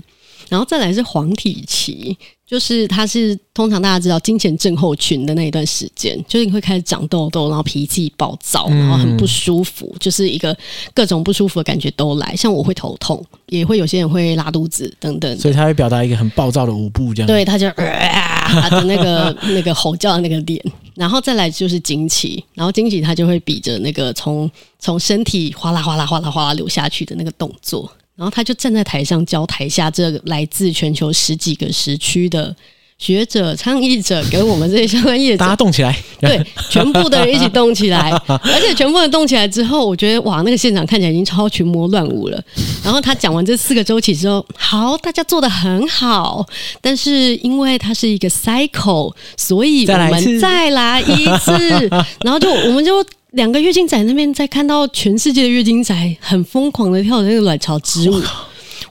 然後再來是黃體期。就是他是通常大家知道經前症候群的那一段時間，就是你會開始長痘痘，然後脾氣暴躁，然後很不舒服，嗯、就是一個各種不舒服的感覺都來。像我會頭痛，也會有些人會拉肚子等等。所以他會表達一個很暴躁的舞步這樣子，對他就、呃啊、他的那個那個吼叫的那個臉， 然後再來就是經期，然後經期他就會比着那個從從身體嘩啦嘩啦嘩啦嘩啦流下去的那個動作。然後他就站在台上教台下這來自全球十幾個時區的學者、倡議者跟我們這些相關業者，大家動起來，對，全部的人一起動起來，而且全部人動起來之後，我覺得哇，那個現場看起來已經超群魔亂舞了。然後他講完這四個周期之後，好，大家做得很好，但是因為它是一個 cycle，所以我們再來一次，一次然後就我們就。兩個月經宅那邊在看到全世界的月經宅很瘋狂的跳的那個卵巢之舞，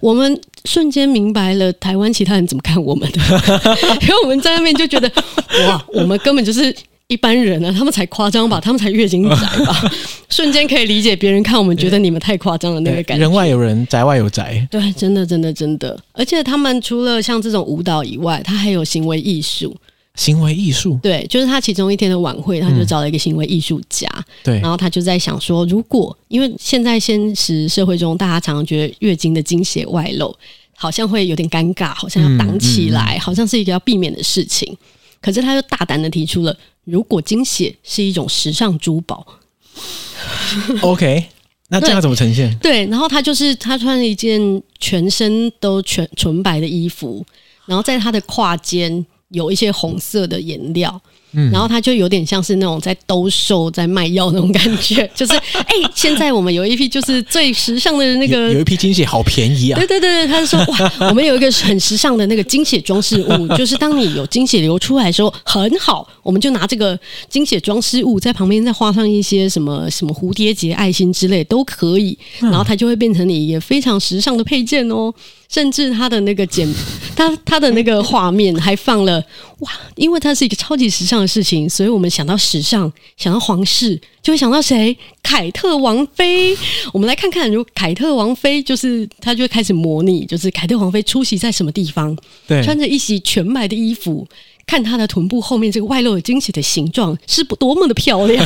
我們瞬間明白了台灣其他人怎麼看我們的。因為我們在那邊就覺得，哇，我們根本就是一般人啊，他們才誇張吧，他們才月經宅吧。瞬間可以理解別人看我們覺得你們太誇張的那個感覺。人外有人，宅外有宅。對，真的，真的，真的。而且他們除了像這種舞蹈以外，他還有行為藝術。行為藝術，對，就是他其中一天的晚會，他就找了一個行為藝術家，嗯、對，然後他就在想說，如果因為現在現實社會中，大家常常覺得月經的經血外露，好像會有點尷尬，好像要擋起來，嗯嗯、好像是一個要避免的事情，可是他又大膽的提出了，如果經血是一種時尚珠寶 ，OK，那這樣要怎麼呈現？對，對，然後他就是他穿了一件全身都全純白的衣服，然後在他的胯間。有一些紅色的顏料，嗯，然後它就有點像是那種在兜售、在賣藥那種感覺，就是誒、欸，現在我們有一批就是最時尚的那個有，有一批精血好便宜啊！對對對，他就說哇，我們有一個很時尚的那個精血裝飾物，就是當你有精血流出來的時候很好，我們就拿這個精血裝飾物在旁邊再畫上一些什麼什麼蝴蝶結、愛心之類都可以，然後它就會變成你一個非常時尚的配件哦。甚至他的那個剪，他他的那個畫面還放了哇！因為它是一個超級時尚的事情，所以我們想到時尚，想到皇室，就會想到誰？凱特王妃。我們來看看，如果凱特王妃就是，他就會開始模擬，就是凱特王妃出席在什麼地方，對，穿着一襲全白的衣服，看她的臀部後面這個外露的驚喜的形狀是不多麼的漂亮？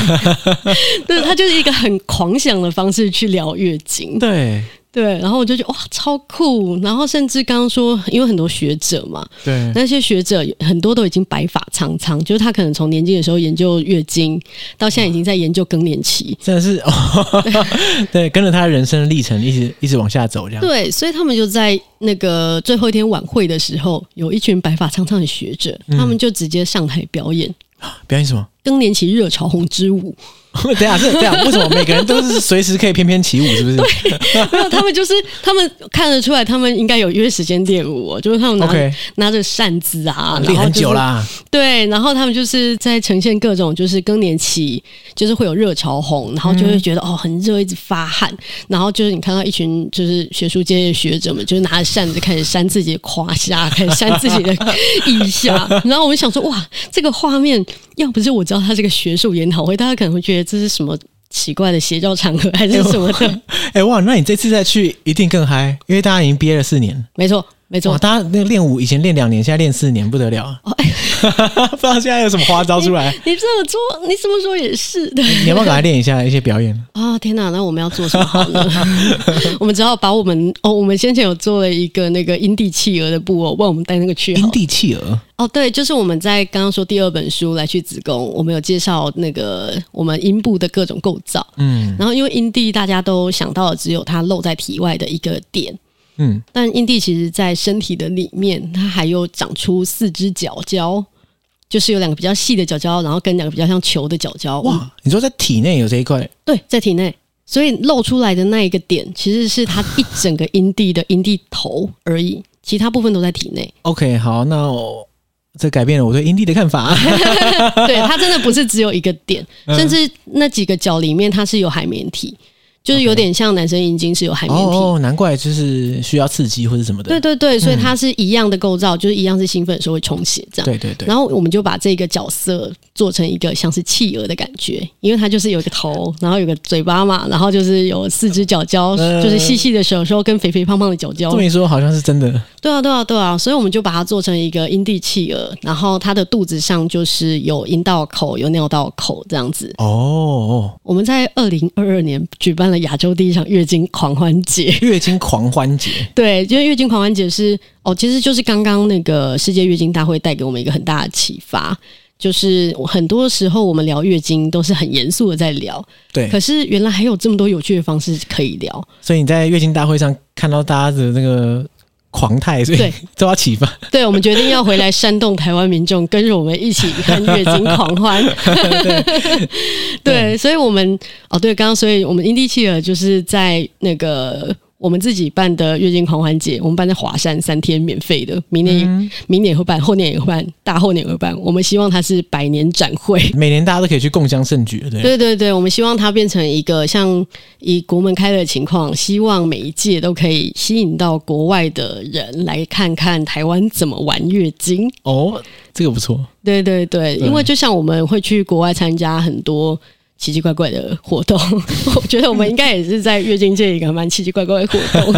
對，他就是一個很狂想的方式去聊月經。對。對，然後我就覺得哇，超酷！然後甚至剛剛說，因為很多學者嘛，對，那些學者很多都已經白髮蒼蒼，就是他可能從年輕的時候研究月經，到現在已經在研究更年期，真的、嗯、是，哦、對， 對，跟着他人生的歷程一直一直往下走這樣。對，所以他們就在那個最後一天晚會的時候，有一群白髮蒼蒼的學者，他們就直接上台表演，嗯、表演什麼？更年期熱潮紅之舞，對啊， 對啊，為什麼每個人都是隨時可以翩翩起舞？是不是？對沒有，他們就是，他們看得出來，他們應該有約時間練舞、哦，就是他們拿 Okay. 拿着扇子啊，練、就是、很久啦。對，然後他們就是在呈現各種就是更年期，就是會有熱潮紅，然後就會覺得、嗯、哦很熱，一直發汗，然後就是你看到一群就是學術界的學者們，就是拿着扇子開始扇自己的胯下，開始扇自己的腋下， 然後我們想說哇，這個畫面要不是我知道。它是個學術研討會，大家可能會覺得這是什麼奇怪的邪教場合還是什麼的。哎、欸、哇，那你這次再去一定更嗨，因為大家已經憋了四年了。沒錯。沒錯，他那個練武以前練兩年，現在練四年，不得了啊！哦哎、 不知道現在有什麼花招出來？你這麼說，你什麼時候也是的你。你要不要來練一下一些表演？啊、哦，天哪！那我們要做什麼好呢？ 我們只要把我們哦，我們先前有做了一個那個陰蒂企鵝的布哦，幫我們帶那個去。陰蒂企鵝？哦，對，就是我們在剛剛說第二本書來去子宮，我們有介紹那個我們陰部的各種構造。嗯，然後因為陰蒂大家都想到了，只有它露在體外的一個點。嗯，但陰蒂其實，在身體的裡面，它還有長出四只腳角，就是有兩個比較細的腳角，然後跟兩個比較像球的腳角。哇，你說在體內有這一塊？對，在體內，所以露出來的那一個點，其實是它一整個陰蒂的陰蒂頭而已， 其他部分都在體內。OK，好，那我這改變了我對陰蒂的看法啊。 對，它真的不是只有一個點，甚至那幾個腳裡面，它是有海綿體。就是有點像男生陰莖是有海綿體，哦，okay. oh, oh, 難怪就是需要刺激或者什麼的。對對對，嗯、所以它是一樣的構造，就是一樣是興奮的時候會充血這樣。對對對。然後我們就把這個角色做成一個像是企鵝的感覺，因為它就是有一個頭，然後有個嘴巴嘛，然後就是有四只腳腳，呃、就是細細的手手跟肥肥胖胖的腳腳。這麼一說好像是真的。對啊對啊對啊，所以我們就把它做成一個陰蒂企鵝，然後它的肚子上就是有陰道口、有尿道口這樣子。哦，oh. 我們在二零二二年舉辦了。亞洲第一場月經狂歡節，月經狂歡節，對，因為月經狂歡節是哦，其實就是剛剛那個世界月經大會帶給我們一個很大的啟發，就是很多時候我們聊月經都是很嚴肅的在聊，對，可是原來還有這麼多有趣的方式可以聊，所以你在月經大會上看到大家的那個。狂太所以對，都要啟發。對，我們決定要回來煽動台灣民眾， 跟着我們一起一看月經狂歡。 對，對，對，所以我們哦，對，剛剛所以我們印第切爾就是在那個。我們自己辦的月經狂歡節，我們辦在華山三天免費的。明年也、嗯、明年也會辦，後年也會辦，大後年也會辦。我們希望它是百年展會，每年大家都可以去共襄盛舉，對，對對對。我們希望它變成一個像以國門開的情況，希望每一屆都可以吸引到國外的人來看看台灣怎麼玩月經。哦，這個不錯。對對對，對，因為就像我們會去國外參加很多。奇奇怪怪的活動， 我覺得我們應該也是在月經這一個蠻奇奇怪怪的活動。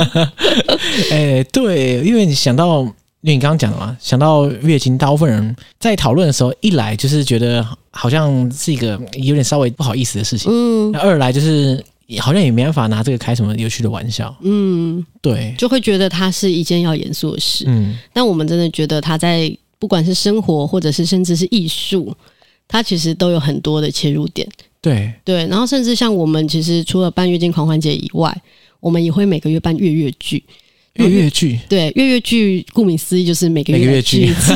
哎、 欸，對，因為你想到，因為你剛剛講的嘛，想到月經，大部分人在討論的時候，一來就是覺得好像是一個有點稍微不好意思的事情，嗯；二來就是好像也沒辦法拿這個開什麼有趣的玩笑，嗯，對，就會覺得它是一件要嚴肅的事，嗯。但我們真的覺得它在不管是生活，或者是甚至是藝術，它其實都有很多的切入點。對對，然後甚至像我們其實除了辦月經狂歡節以外，我們也會每個月辦月月聚。月月聚，月月對，月月聚顧名思義就是每個月聚，每個月聚。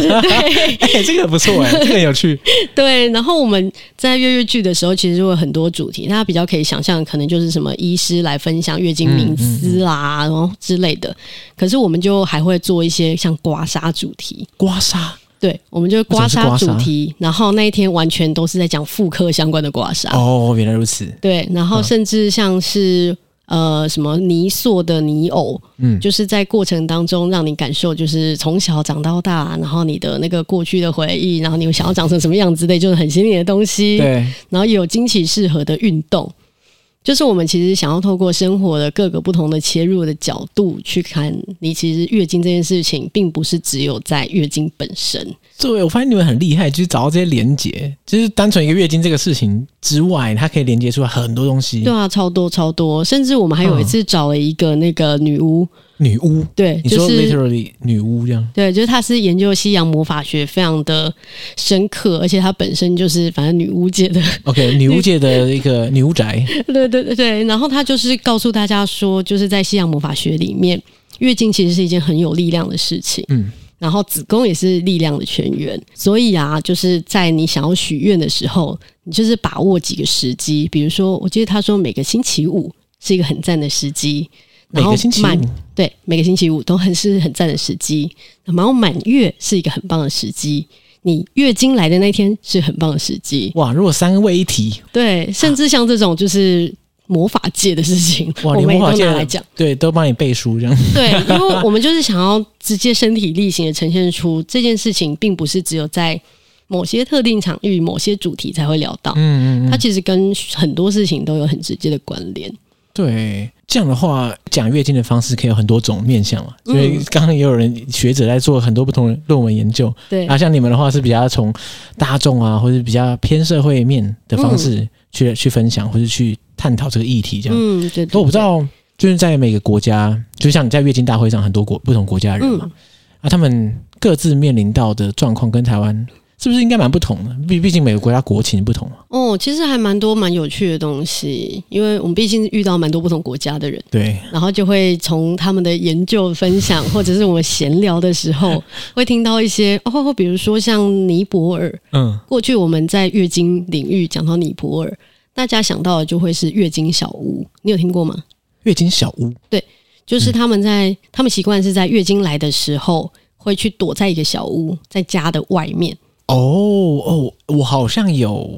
對、 欸，這個不錯哎、欸，這個有趣。 對，然後我們在月月聚的時候，其實會很多主題。大家比較可以想象，可能就是什麼醫師來分享月經迷思啦，然後、嗯嗯、之類的。可是我們就還會做一些像刮痧主題，刮痧。對，我們就刮痧主題，然後那一天完全都是在講婦科相關的刮痧。哦，原來如此。對，然後甚至像是、啊、呃什麼泥塑的泥偶，嗯，就是在過程當中讓你感受，就是從小長到大，然後你的那個過去的回憶，然後你想要長成什麼樣之類， 就是很心穎的東西。對，然後也有經期適合的運動。就是我們其實想要透過生活的各個不同的切入的角度去看，你其實月經這件事情，並不是只有在月經本身。對，我發現你們很厲害，就是找到這些連接，就是單純一個月經這個事情之外，它可以連接出來很多東西。對啊，超多超多，甚至我們還有一次找了一個那個女巫。嗯女巫對，就是你說 literally 女巫這樣。對，就是她是研究西洋魔法學，非常的深刻，而且她本身就是反正女巫界的。OK，女巫界的一個女巫宅。對對對對，然後她就是告訴大家說，就是在西洋魔法學裡面，月經其實是一件很有力量的事情。嗯，然後子宮也是力量的泉源，所以啊，就是在你想要許願的時候，你就是把握幾個時機，比如說，我記得她說每個星期五是一個很讚的時機。然後滿每個星期五，對，每個星期五都很是很贊的時機，然後滿月是一個很棒的時機，你月經來的那天是很棒的時機。哇！如果三位一體，對，甚至像這種就是魔法界的事情，哇、啊！我們也都拿來講，對，都幫你背書這樣。對，因為我們就是想要直接身體力行的呈現出這件事情，並不是只有在某些特定場域、某些主題才會聊到。嗯，嗯嗯，它其實跟很多事情都有很直接的關聯。對。這樣的話，講月經的方式可以有很多種面向嘛，所以，嗯、剛剛也有人學者在做很多不同的論文研究。對啊，像你們的話是比較從大眾啊，對或者比較偏社會面的方式去，嗯，去分享或者去探討這個議題這樣。嗯，對。對對，我不知道，就是在每個國家，就像你在月經大會上，很多國不同國家的人嘛，嗯、啊，他們各自面臨到的狀況跟台灣。是不是應該蠻不同的？畢畢竟每個國家國情不同嘛、啊。哦，其實還蠻多蠻有趣的東西，因為我們畢竟遇到蠻多不同國家的人。對，然後就會從他們的研究分享， 或者是我們閒聊的時候，會聽到一些哦哦，或者比如說像尼泊爾，嗯，過去我們在月經領域講到尼泊爾，大家想到的就會是月經小屋。你有聽過嗎？月經小屋，對，就是他們在、嗯、他們習慣是在月經來的時候，會去躲在一個小屋，在家的外面。哦哦，我好像有，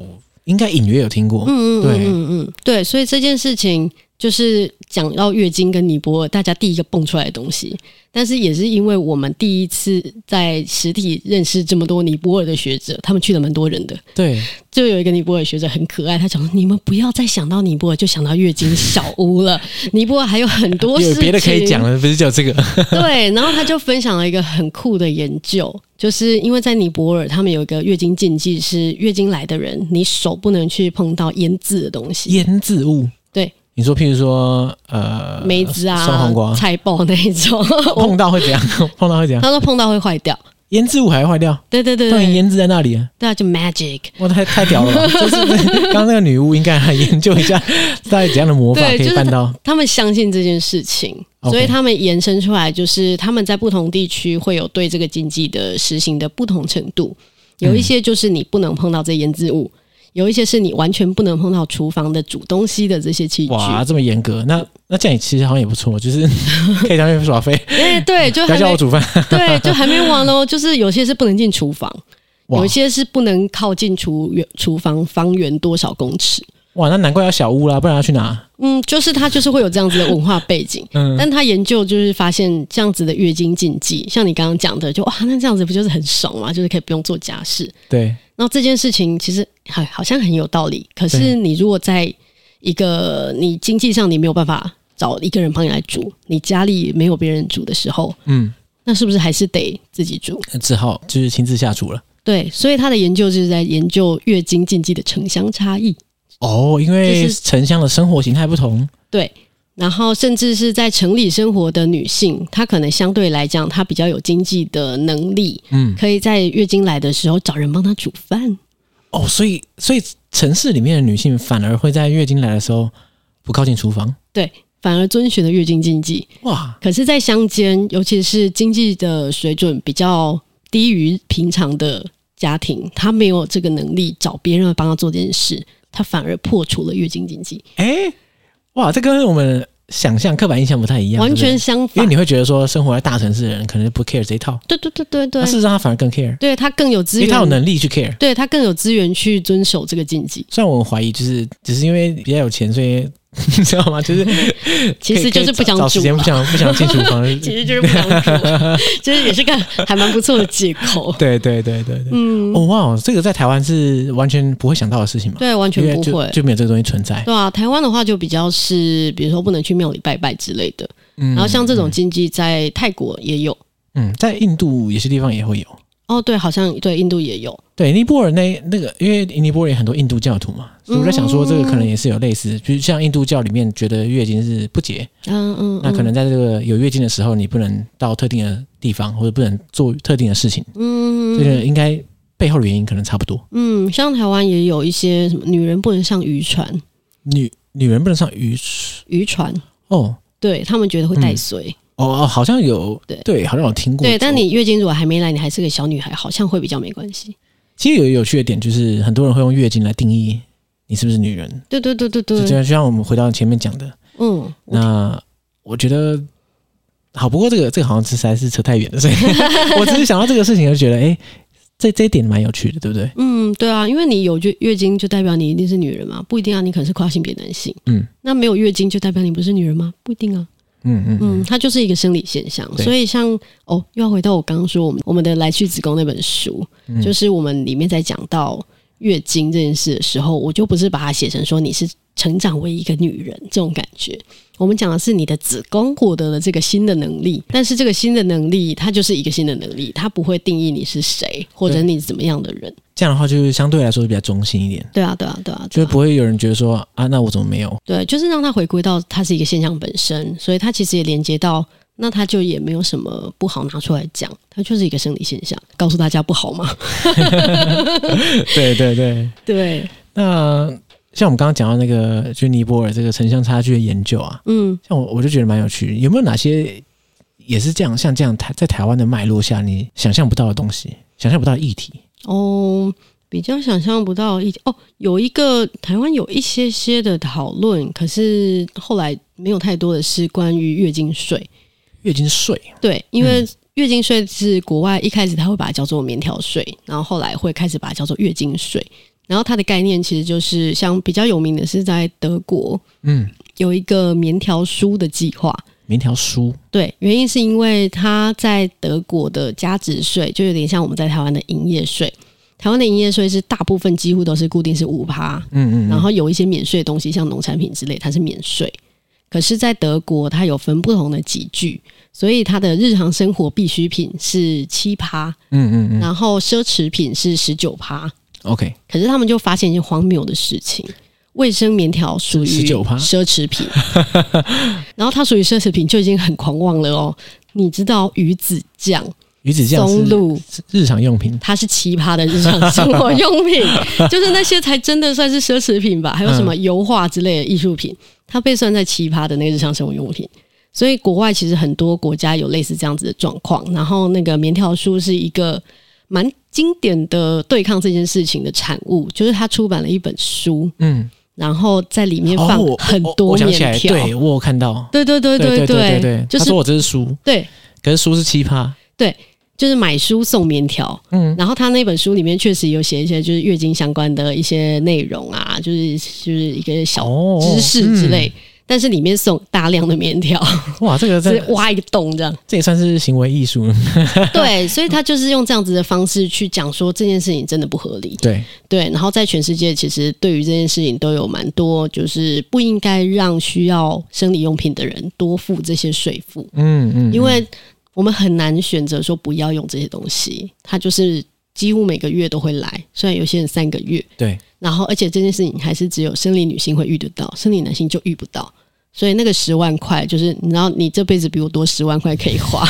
應該隱約有聽過。嗯嗯，嗯，嗯嗯，對，嗯嗯，對，所以這件事情。就是講到月經跟尼泊爾，大家第一個蹦出來的東西，但是也是因為我們第一次在實體認識這麼多尼泊爾的學者，他們去了蠻多人的。對，就有一個尼泊爾學者很可愛，他講：你們不要再想到尼泊爾就想到月經小屋了， 尼泊爾還有很多事情別的可以講了，不是叫這個。 對，然後他就分享了一個很酷的研究，就是因為在尼泊爾，他們有一個月經禁忌，是月經來的人，你手不能去碰到醃漬的東西，醃漬物。你說，譬如說，呃，梅子啊，酸黃瓜、菜包那種，碰到會怎樣？我碰到會怎樣？他說碰到會壞掉，醃製物還會壞掉？對對對，放醃製在那裡了，對，就 magic。哇，太太屌了吧？ 就是剛剛那個女巫應該還研究一下，大概怎樣的魔法可以辦到，就是他？他們相信這件事情，所以他們延伸出來就是 Okay. 他們在不同地區會有對這個禁忌的實行的不同程度，有一些就是你不能碰到這醃製物。嗯有一些是你完全不能碰到廚房的煮東西的這些器具。哇，這麼嚴格？那那這樣也其實好像也不錯，就是可以當月份耍廢。 嗯、對，就還叫我煮飯。 對，就還沒完嘍。就是有些是不能進廚房，哇有些是不能靠近廚園廚房方圓多少公尺。哇，那難怪要小屋啦，不然要去哪？嗯，就是他就是會有這樣子的文化背景。嗯，但他研究就是發現這樣子的月經禁忌，像你剛剛講的，就哇，那這樣子不就是很爽嗎？就是可以不用做家事。對。那這件事情其實還好像很有道理，可是你如果在一個你經濟上你沒有辦法找一個人幫你來煮，你家裡沒有別人煮的時候，嗯，那是不是還是得自己煮？只好就是親自下廚了。對，所以他的研究就是在研究月經禁忌的城鄉差異。哦，因為城鄉的生活形態不同。就是、對。然後，甚至是在城裡生活的女性，她可能相對來講，她比較有經濟的能力，嗯，可以在月經來的時候找人幫她煮飯。哦，所以，所以城市裡面的女性反而會在月經來的時候不靠近廚房，對，反而遵循了月經禁忌。哇！可是，在鄉間，尤其是經濟的水準比較低於平常的家庭，她沒有這個能力找別人幫她做這件事，她反而破除了月經禁忌。誒。哇，這跟我們想象、刻板印象不太一樣，完全對對相反。因為你會覺得說，生活在大城市的人可能不 care 這一套，對對對對對、啊，事實上他反而更 care，對他更有資源，源、欸、他有能力去 care，對他更有資源去遵守這個禁忌。雖然我們懷疑，就是只是因為比較有錢，所以。 你知道嗎？其、就、實、是、其實就是不想，早之前不想不想進廚房， 其實就是不想。其實 也是個還蠻不錯的借口。對對對對，對嗯，哦，哇，這個在台灣是完全不會想到的事情嘛？對，完全不會就，就沒有這個東西存在。對啊，台灣的話就比較是，比如說不能去廟裡拜拜之類的。嗯，然後像這種禁忌，在泰國也有。嗯，在印度有些地方也會有。哦，對，好像對印度也有。對，尼泊爾那那個，因為尼泊爾有很多印度教徒嘛，所以我在想說，這個可能也是有類似，就像印度教裡面覺得月經是不潔，嗯，嗯嗯，那可能在這個有月經的時候，你不能到特定的地方，或者不能做特定的事情，嗯，這個應該背後的原因可能差不多，嗯，像台灣也有一些什麼女人不能上漁船，女女人不能上漁漁船哦，對他們覺得會帶水，嗯、哦哦，好像有對對，對好像我聽過，對，走但你月經如果還沒來，你還是個小女孩，好像會比較沒關係。其實有一個有趣的點，就是很多人會用月經來定義你是不是女人。對對對對對，就像就像我們回到前面講的，嗯，那我，聽我覺得好不過這個這個好像其實還是扯太遠了，所以 我只是想到這個事情就覺得，哎、欸，這這一點蠻有趣的，對不對？嗯，對啊，因為你有月月經就代表你一定是女人嘛，不一定啊，你可能是跨性別男性。嗯，那沒有月經就代表你不是女人嗎？不一定啊。嗯嗯，它就是一個生理現象，對所以像哦，又要回到我剛剛說我們我們的來去子宮那本書，嗯、就是我們裡面在講到。月經這件事的時候，我就不是把它寫成說你是成長為一個女人這種感覺。我們講的是你的子宮獲得了這個新的能力，但是這個新的能力它就是一個新的能力，它不會定義你是誰或者你是怎麼樣的人。這樣的話，就是相對來說比較中性一點對啊。對啊，對啊，對啊，對啊。就不會有人覺得說啊，那我怎麼沒有？對，就是讓它回歸到它是一個現象本身，所以它其實也連接到。那他就也沒有什麼不好拿出來講，它就是一個生理現象，告訴大家不好嗎？對 對對對。對，那像我們剛剛講到那個，就尼泊爾這個城鄉差距的研究啊，嗯，像我我就覺得蠻有趣。有沒有哪些也是這樣，像這樣台在台灣的脈絡下，你想象不到的東西，想象不到議題哦，比較想象不到議題哦。有一個台灣有一些些的討論，可是後來沒有太多的是關於月經稅。月經稅對，因為月經稅是國外一開始他會把它叫做棉條稅，然後後來會開始把它叫做月經稅。然後它的概念其實就是像比較有名的是在德國，嗯，有一個棉條書的計劃。棉條書對，原因是因為它在德國的加值稅就有點像我們在台灣的營業稅。台灣的營業稅是大部分幾乎都是固定是五趴，嗯，嗯嗯，然後有一些免稅的東西，像農產品之類，它是免稅。可是，在德國，它有分不同的級距，所以它的日常生活必需品是七趴，嗯嗯嗯，然後奢侈品是十九趴，OK。可是他們就發現一件荒謬的事情：衛生棉條屬於奢侈品，然後它屬於奢侈品就已經很狂妄了哦。你知道魚子醬、魚子醬是松露、是日常用品，它是七趴的日常生活用品， 就是那些才真的算是奢侈品吧？還有什麼油畫之類的藝術品？它被算在奇葩的那個日常生活用品，所以國外其實很多國家有類似這樣子的狀況。然後那個棉條書是一個蠻經典的對抗這件事情的產物，就是他出版了一本書，嗯，然後在裡面放很多棉條。對，我有看到，對對對對對對對，就是，他說我這是書，對，可是書是奇葩，對。就是買書送棉條，嗯，然後他那本書裡面確實有寫一些就是月經相關的一些內容啊，就是就是一個小知識之類，哦嗯、但是裡面送大量的棉條。哇，這個在是挖一個洞這樣，這也算是行為藝術。呵呵對，所以他就是用這樣子的方式去講說這件事情真的不合理，對對，然後在全世界其實對於這件事情都有蠻多，就是不應該讓需要生理用品的人多付這些稅負，嗯，嗯嗯，因為。我們很難選擇說不要用這些東西，它就是幾乎每個月都會來。雖然有些人三個月，對，然後而且這件事情還是只有生理女性會遇得到，生理男性就遇不到。所以那個十萬塊，就是你知道，你這輩子比我多十萬塊可以花。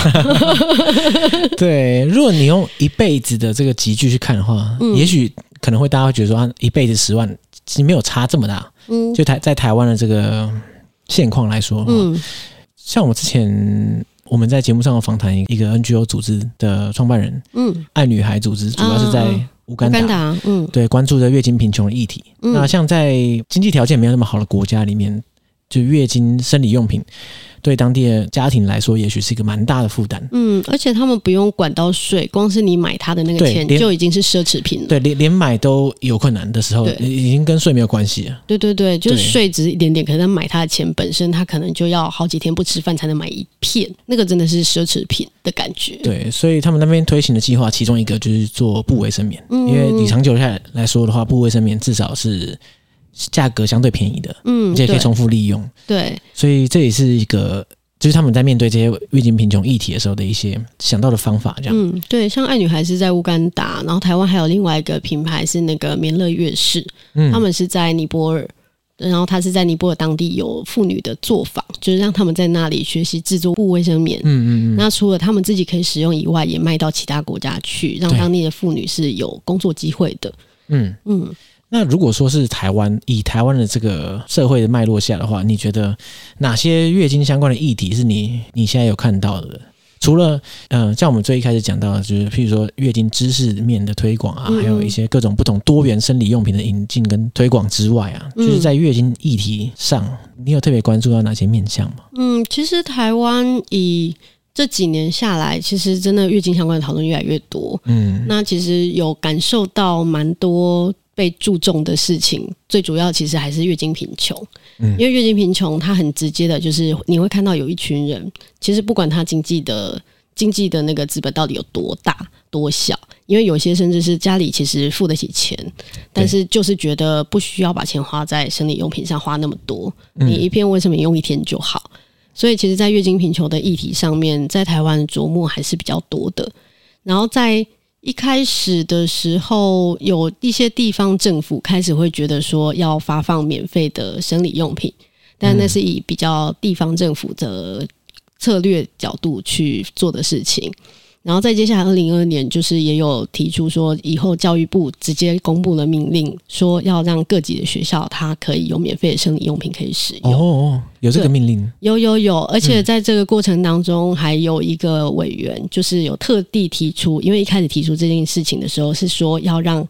對，如果你用一輩子的這個集聚去看的話，嗯，也許可能會大家會覺得說，一輩子十萬，其實沒有差這麼大。嗯，就台在，在台灣的這個現況來說，嗯，像我之前。我們在節目上有訪談一個 NGO 組織的創辦人，嗯，愛女孩組織，主要是在烏干達，嗯，嗯嗯，烏干達，嗯，對，關注着月經貧窮的議題。嗯，那像在經濟條件沒有那麼好的國家裡面。就月經生理用品對當地的家庭來說，也許是一個蠻大的負擔。嗯，而且他們不用管到稅，光是你買他的那個錢就已經是奢侈品了。對，連連買都有困難的時候，對已經跟稅沒有關係了。對對對，就是稅只是一點點，對可能他買他的錢本身，他可能就要好幾天不吃飯才能買一片，那個真的是奢侈品的感覺。對，所以他們那邊推行的計劃，其中一個就是做布衛生棉，嗯、因為你長久下來來說的話，布衛生棉至少是。價格相對便宜的，嗯，而且可以重複利用，對，所以這也是一個，就是他們在面對這些月經貧窮議題的時候的一些想到的方法，這樣，嗯，對，像愛女孩是在烏干達，然後台灣還有另外一個品牌是那個棉樂悅事，嗯，他們是在尼泊爾，然後他是在尼泊爾當地有婦女的作坊，就是讓他們在那裡學習制作布衛生棉，嗯嗯，嗯嗯那除了他們自己可以使用以外，也賣到其他國家去，讓當地的婦女是有工作機會的，嗯對嗯。嗯那如果說是台灣，以台灣的這個社會的脈絡下的話，你覺得哪些月經相關的議題是你你現在有看到的？除了嗯、呃，像我們最一開始講到的，的就是譬如說月經知識面的推廣啊，嗯、還有一些各種不同多元生理用品的引進跟推廣之外啊，就是在月經議題上，嗯、你有特別關注到哪些面向嗎？嗯，其實台灣以這幾年下來，其實真的月經相關的討論越來越多。嗯，那其實有感受到蠻多。被注重的事情，最主要其實還是月經貧窮。嗯、因為月經貧窮，它很直接的，就是你會看到有一群人，其實不管他經濟的經濟的那個資本到底有多大多小，因為有些甚至是家裡其實付得起錢，但是就是覺得不需要把錢花在生理用品上花那麼多。你一片衛生棉用一天就好。嗯、所以其實，在月經貧窮的議題上面，在台灣著墨還是比較多的。然後在一開始的時候，有一些地方政府開始會覺得說要發放免費的生理用品，但那是以比較地方政府的策略角度去做的事情。然後在接下來，二零二二年就是也有提出說，以後教育部直接公布了命令，說要讓各級的學校它可以有免費的生理用品可以使用。哦哦。有這個命令？有有有，而且在這個過程當中，還有一個委員就是有特地提出，因為一開始提出這件事情的時候是說要讓。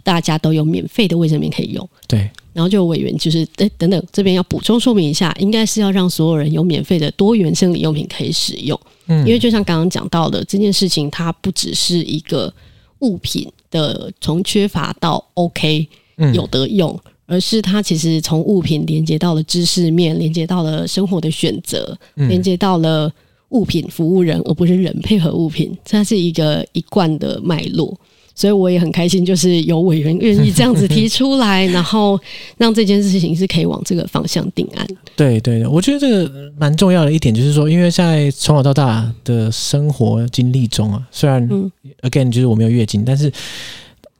大家都有免費的衛生棉可以用，對。然後就委員就是，誒、欸、等等，這邊要補充說明一下，應該是要讓所有人有免費的多元生理用品可以使用。嗯，因為就像剛剛講到的，這件事情它不只是一個物品的從缺乏，到 OK 有得用，嗯、而是它其實從物品連接到了知識面，連接到了生活的選擇，嗯、連接到了物品服務人，而不是人配合物品，它是一個一貫的脈絡。所以我也很開心，就是有委員願意這樣子提出來， 然後讓這件事情是可以往這個方向定案。對對對，我覺得這個蠻重要的一點，就是說，因為在從小到大的生活經歷中啊，雖然 again 就是我沒有月經，嗯、但是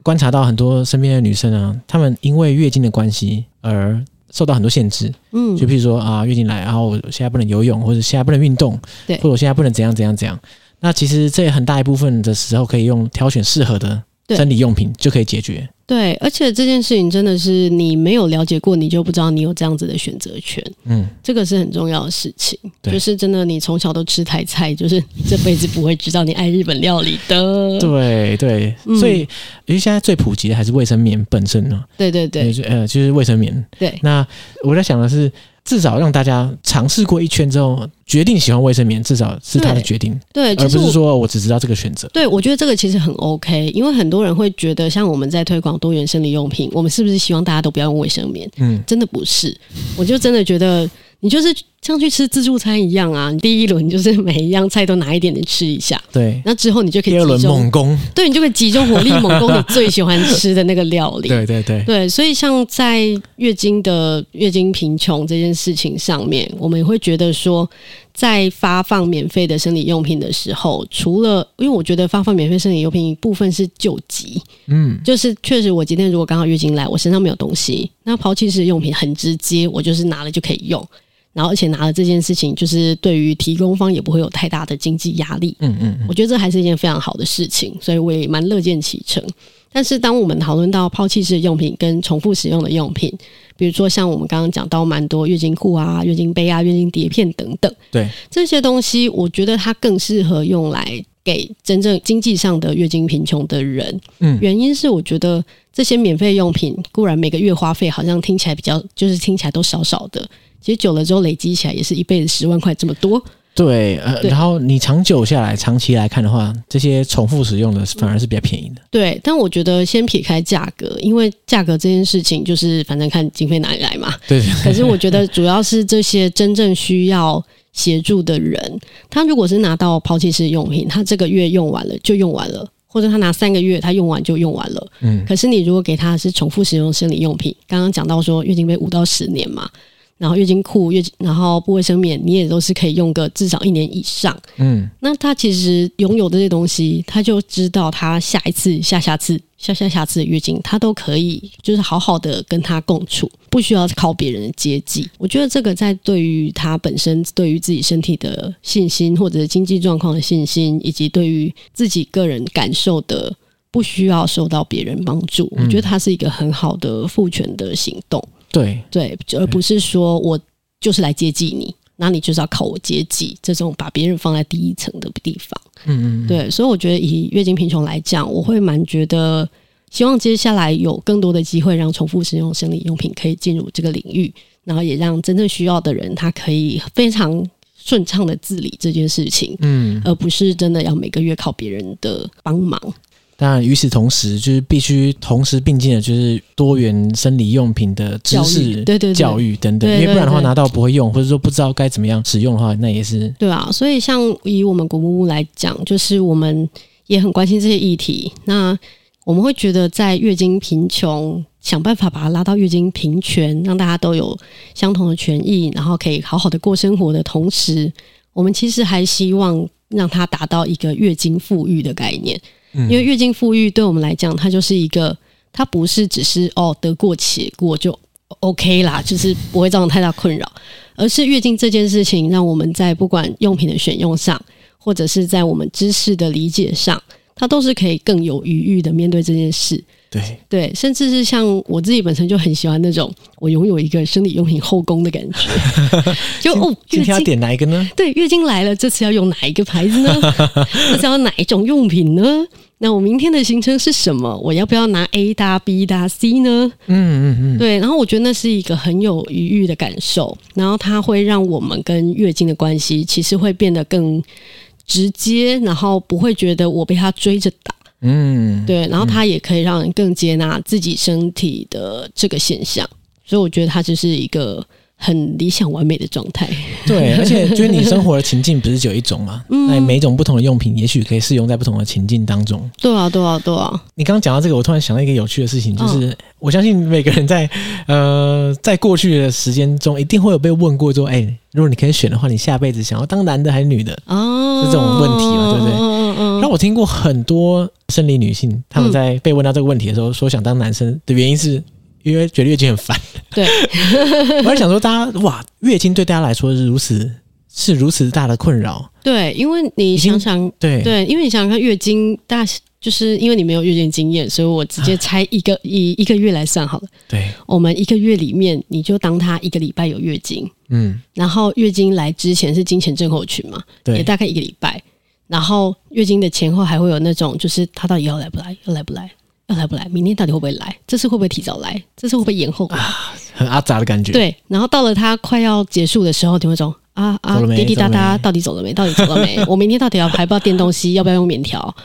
觀察到很多身邊的女生啊，她們因為月經的關係而受到很多限制。嗯，就譬如說啊，月經來，然後我現在不能游泳，或者現在不能運動，對，或者我現在不能怎樣怎樣怎樣。那其實這也很大一部分的時候可以用挑選適合的生理用品就可以解決。對。對，而且這件事情真的是你沒有了解過，你就不知道你有這樣子的選擇權。嗯，這個是很重要的事情。對，就是真的，你從小都吃台菜，就是這輩子不會知道你愛日本料理的。對對，所以其實、嗯、現在最普及的還是衛生棉本身呢、啊。對對對就，呃，就是衛生棉。對，那我在想的是。至少讓大家嘗試過一圈之後，決定喜歡衛生棉，至少是他的決定，對，對就是、而不是說我只知道這個選擇。對，我覺得這個其實很 OK，因為很多人會覺得，像我們在推廣多元生理用品，我們是不是希望大家都不要用衛生棉？嗯，真的不是，嗯、我就真的覺得。你就是像去吃自助餐一樣啊！你第一輪就是每一樣菜都拿一點點吃一下，對。那之後你就可以集中第二輪猛攻，對，你就可以集中火力猛攻你最喜歡吃的那個料理。對對對對，所以像在月經的月經貧窮這件事情上面，我們會覺得說，在發放免費的生理用品的時候，除了因為我覺得發放免費生理用品一部分是救急，嗯，就是確實我今天如果剛好月經來，我身上沒有東西，那拋棄式用品很直接，我就是拿了就可以用。然後，而且拿了這件事情，就是對於提供方也不會有太大的經濟壓力。嗯嗯，我覺得這還是一件非常好的事情，所以我也蠻樂見其成。但是，當我們討論到拋棄式的用品跟重複使用的用品，比如說像我們剛剛講到蠻多月經褲啊、月經杯啊、月經碟片等等，對這些東西，我覺得它更適合用來。給真正經濟上的月經貧窮的人，嗯，原因是我覺得這些免費用品固然每個月花費好像聽起來比較，就是聽起來都少少的，其實久了之後累積起來也是一輩子十萬塊這麼多。對，呃，對然後你長久下來，長期來看的話，這些重複使用的反而是比較便宜的。嗯、對，但我覺得先撇開價格，因為價格這件事情就是反正看經費哪裡來嘛。對，可是我覺得主要是這些真正需要。協助的人，他如果是拿到拋棄式用品，他這個月用完了就用完了，或者他拿三個月，他用完就用完了。嗯，可是你如果給他是重複使用生理用品，剛剛講到說月經杯五到十年嘛。然後月經褲、月經，然後布衛生棉，你也都是可以用個至少一年以上。嗯，那他其實擁有的這些東西，他就知道他下一次、下下次、下下下次的月經，他都可以就是好好的跟他共處，不需要靠別人的接濟。我覺得這個在對於他本身、對於自己身體的信心，或者是經濟狀況的信心，以及對於自己個人感受的，不需要受到別人幫助。嗯，我覺得他是一個很好的賦權的行動。對對，而不是說我就是來接濟你，那對你就是要靠我接濟，這種把別人放在第一層的地方。嗯，嗯對，所以我覺得以月經貧窮來講，我會蠻覺得希望接下來有更多的機會，讓重複使用生理用品可以進入這個領域，然後也讓真正需要的人，他可以非常順暢的自理這件事情。嗯，而不是真的要每個月靠別人的幫忙。當然，與此同時，就是必須同時並進的，就是多元生理用品的知識、教育，對對對，教育等等。對對對對對，因為不然的話，拿到不會用，或者說不知道該怎麼樣使用的話，那也是對啊。所以，像以我們國木屋來講，就是我們也很關心這些議題。那我們會覺得，在月經貧窮，想辦法把它拉到月經平權，讓大家都有相同的權益，然後可以好好的過生活的同時，我們其實還希望讓它達到一個月經富裕的概念。因為月經富裕對我們來講，它就是一個，它不是只是哦得過且過就 OK 啦，就是不會造成太大困擾，而是月經這件事情讓我們在不管用品的選用上，或者是在我們知識的理解上，它都是可以更有餘裕的面對這件事。對對，甚至是像我自己本身就很喜歡那種我擁有一個生理用品後宮的感覺，就 今天哦，月經今天要點哪一個呢？對，月經來了，這次要用哪一個牌子呢？是 要哪一種用品呢？那我明天的行程是什麼？我要不要拿 A 搭 B 搭 C 呢？嗯嗯嗯，對，然後我覺得那是一個很有餘裕，裕的感受，然後它會讓我們跟月經的關係其實會變得更直接，然後不會覺得我被它追着打。嗯，對，然後它也可以讓人更接納自己身體的這個現象，所以我覺得它就是一個很理想完美的狀態，對，而且就是你生活的情境不是只有一種嘛？那、嗯、每一種不同的用品，也許可以適用在不同的情境當中。對啊，對啊，對啊！你剛剛講到這個，我突然想到一個有趣的事情，就是、哦、我相信每個人在呃在過去的時間中，一定會有被問過說：“哎、欸，如果你可以選的話，你下輩子想要當男的還是女的？”哦，是這種問題嘛，對不對？嗯嗯嗯。那我聽過很多生理女性，他們在被問到這個問題的時候，說想當男生的原因是。因為覺得月經很煩，對， 我還想說，大家哇，月經對大家來說是如此，是如此大的困擾，對，因為你想想，對對，因為你想想看，月經大就是因為你沒有月經經驗，所以我直接猜一個一、啊、一個月來算好了，對，我們一個月裡面，你就當它一個禮拜有月經，嗯，然後月經來之前是經前症候群嘛，對，也大概一個禮拜，然後月經的前後還會有那種，就是它到底要來不來，要來不來。要來不來？明天到底會不會來？這次會不會提早來？這次會不會延後啊？很阿雜的感覺。對，然後到了它快要結束的時候，就會說啊啊，啊滴滴答答，到底走了沒？到底走了沒？ 我明天到底要還不要墊東西？要不要用棉條？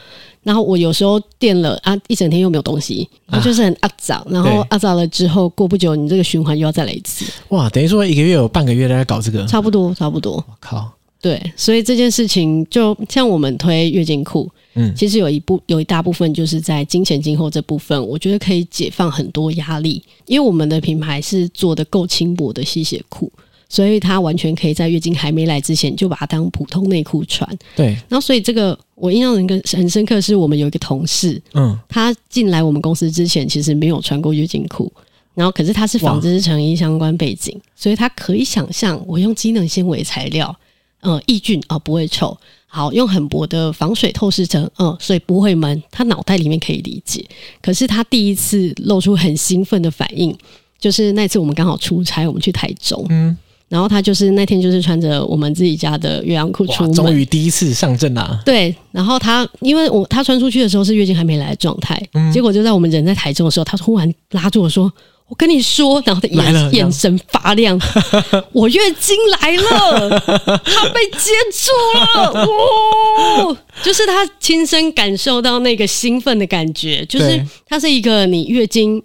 然後我有時候墊了啊，一整天又沒有東西，那就是很阿雜。啊、然後阿雜了之後，對過不久你這個循環又要再來一次。哇，等於說一個月有半個月都在搞這個，差不多，差不多。我靠！對，所以這件事情就像我們推月經褲，嗯，其實有一部，有一大部分就是在經前經後這部分，我覺得可以解放很多壓力，因為我們的品牌是做的夠輕薄的吸血褲，所以它完全可以在月經還沒來之前就把它當普通內褲穿。對，然後所以這個我印象很很深刻，是我們有一個同事，嗯，他進來我們公司之前其實沒有穿過月經褲，然後可是他是紡織成衣相關背景，哇所以他可以想象我用機能纖維材料。嗯、呃，抑菌啊、呃，不會臭。好，用很薄的防水透視層，嗯、呃，所以不會悶。他腦袋裡面可以理解，可是他第一次露出很興奮的反應，就是那次我們剛好出差，我們去台中，嗯，然後他就是那天就是穿着我們自己家的月亮褲出門，終於第一次上陣啦、啊、對，然後他因為我他穿出去的時候是月經還沒來的狀態，嗯，結果就在我們人在台中的時候，他忽然拉住我說，我跟你說，然後他眼了眼神發亮，樣我月經來了， 他被接住了，哇、哦！就是他親身感受到那個興奮的感覺，就是他是一個你月經。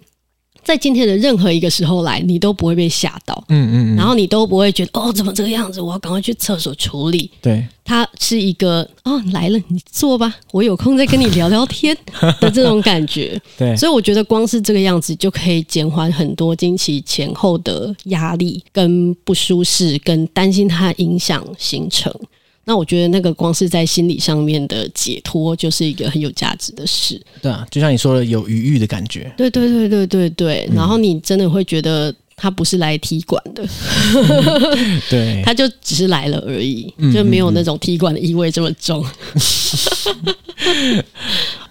在今天的任何一個時候來，你都不會被嚇到，嗯嗯，嗯嗯，然後你都不會覺得哦，怎麼這個樣子？我要趕快去廁所處理。對，它是一個哦，來了，你坐吧，我有空再跟你聊聊天的這種感覺。 對，所以我覺得光是這個樣子就可以減緩很多經期前後的壓力，跟不舒適，跟擔心它影響行程。那我覺得那個光是在心理上面的解脫，就是一個很有價值的事。對啊，就像你說的，有愉悅的感覺。對，對對對對對對，嗯、然後你真的會覺得。他不是來踢館的，對，他就只是來了而已，就沒有那種踢館的意味這麼重。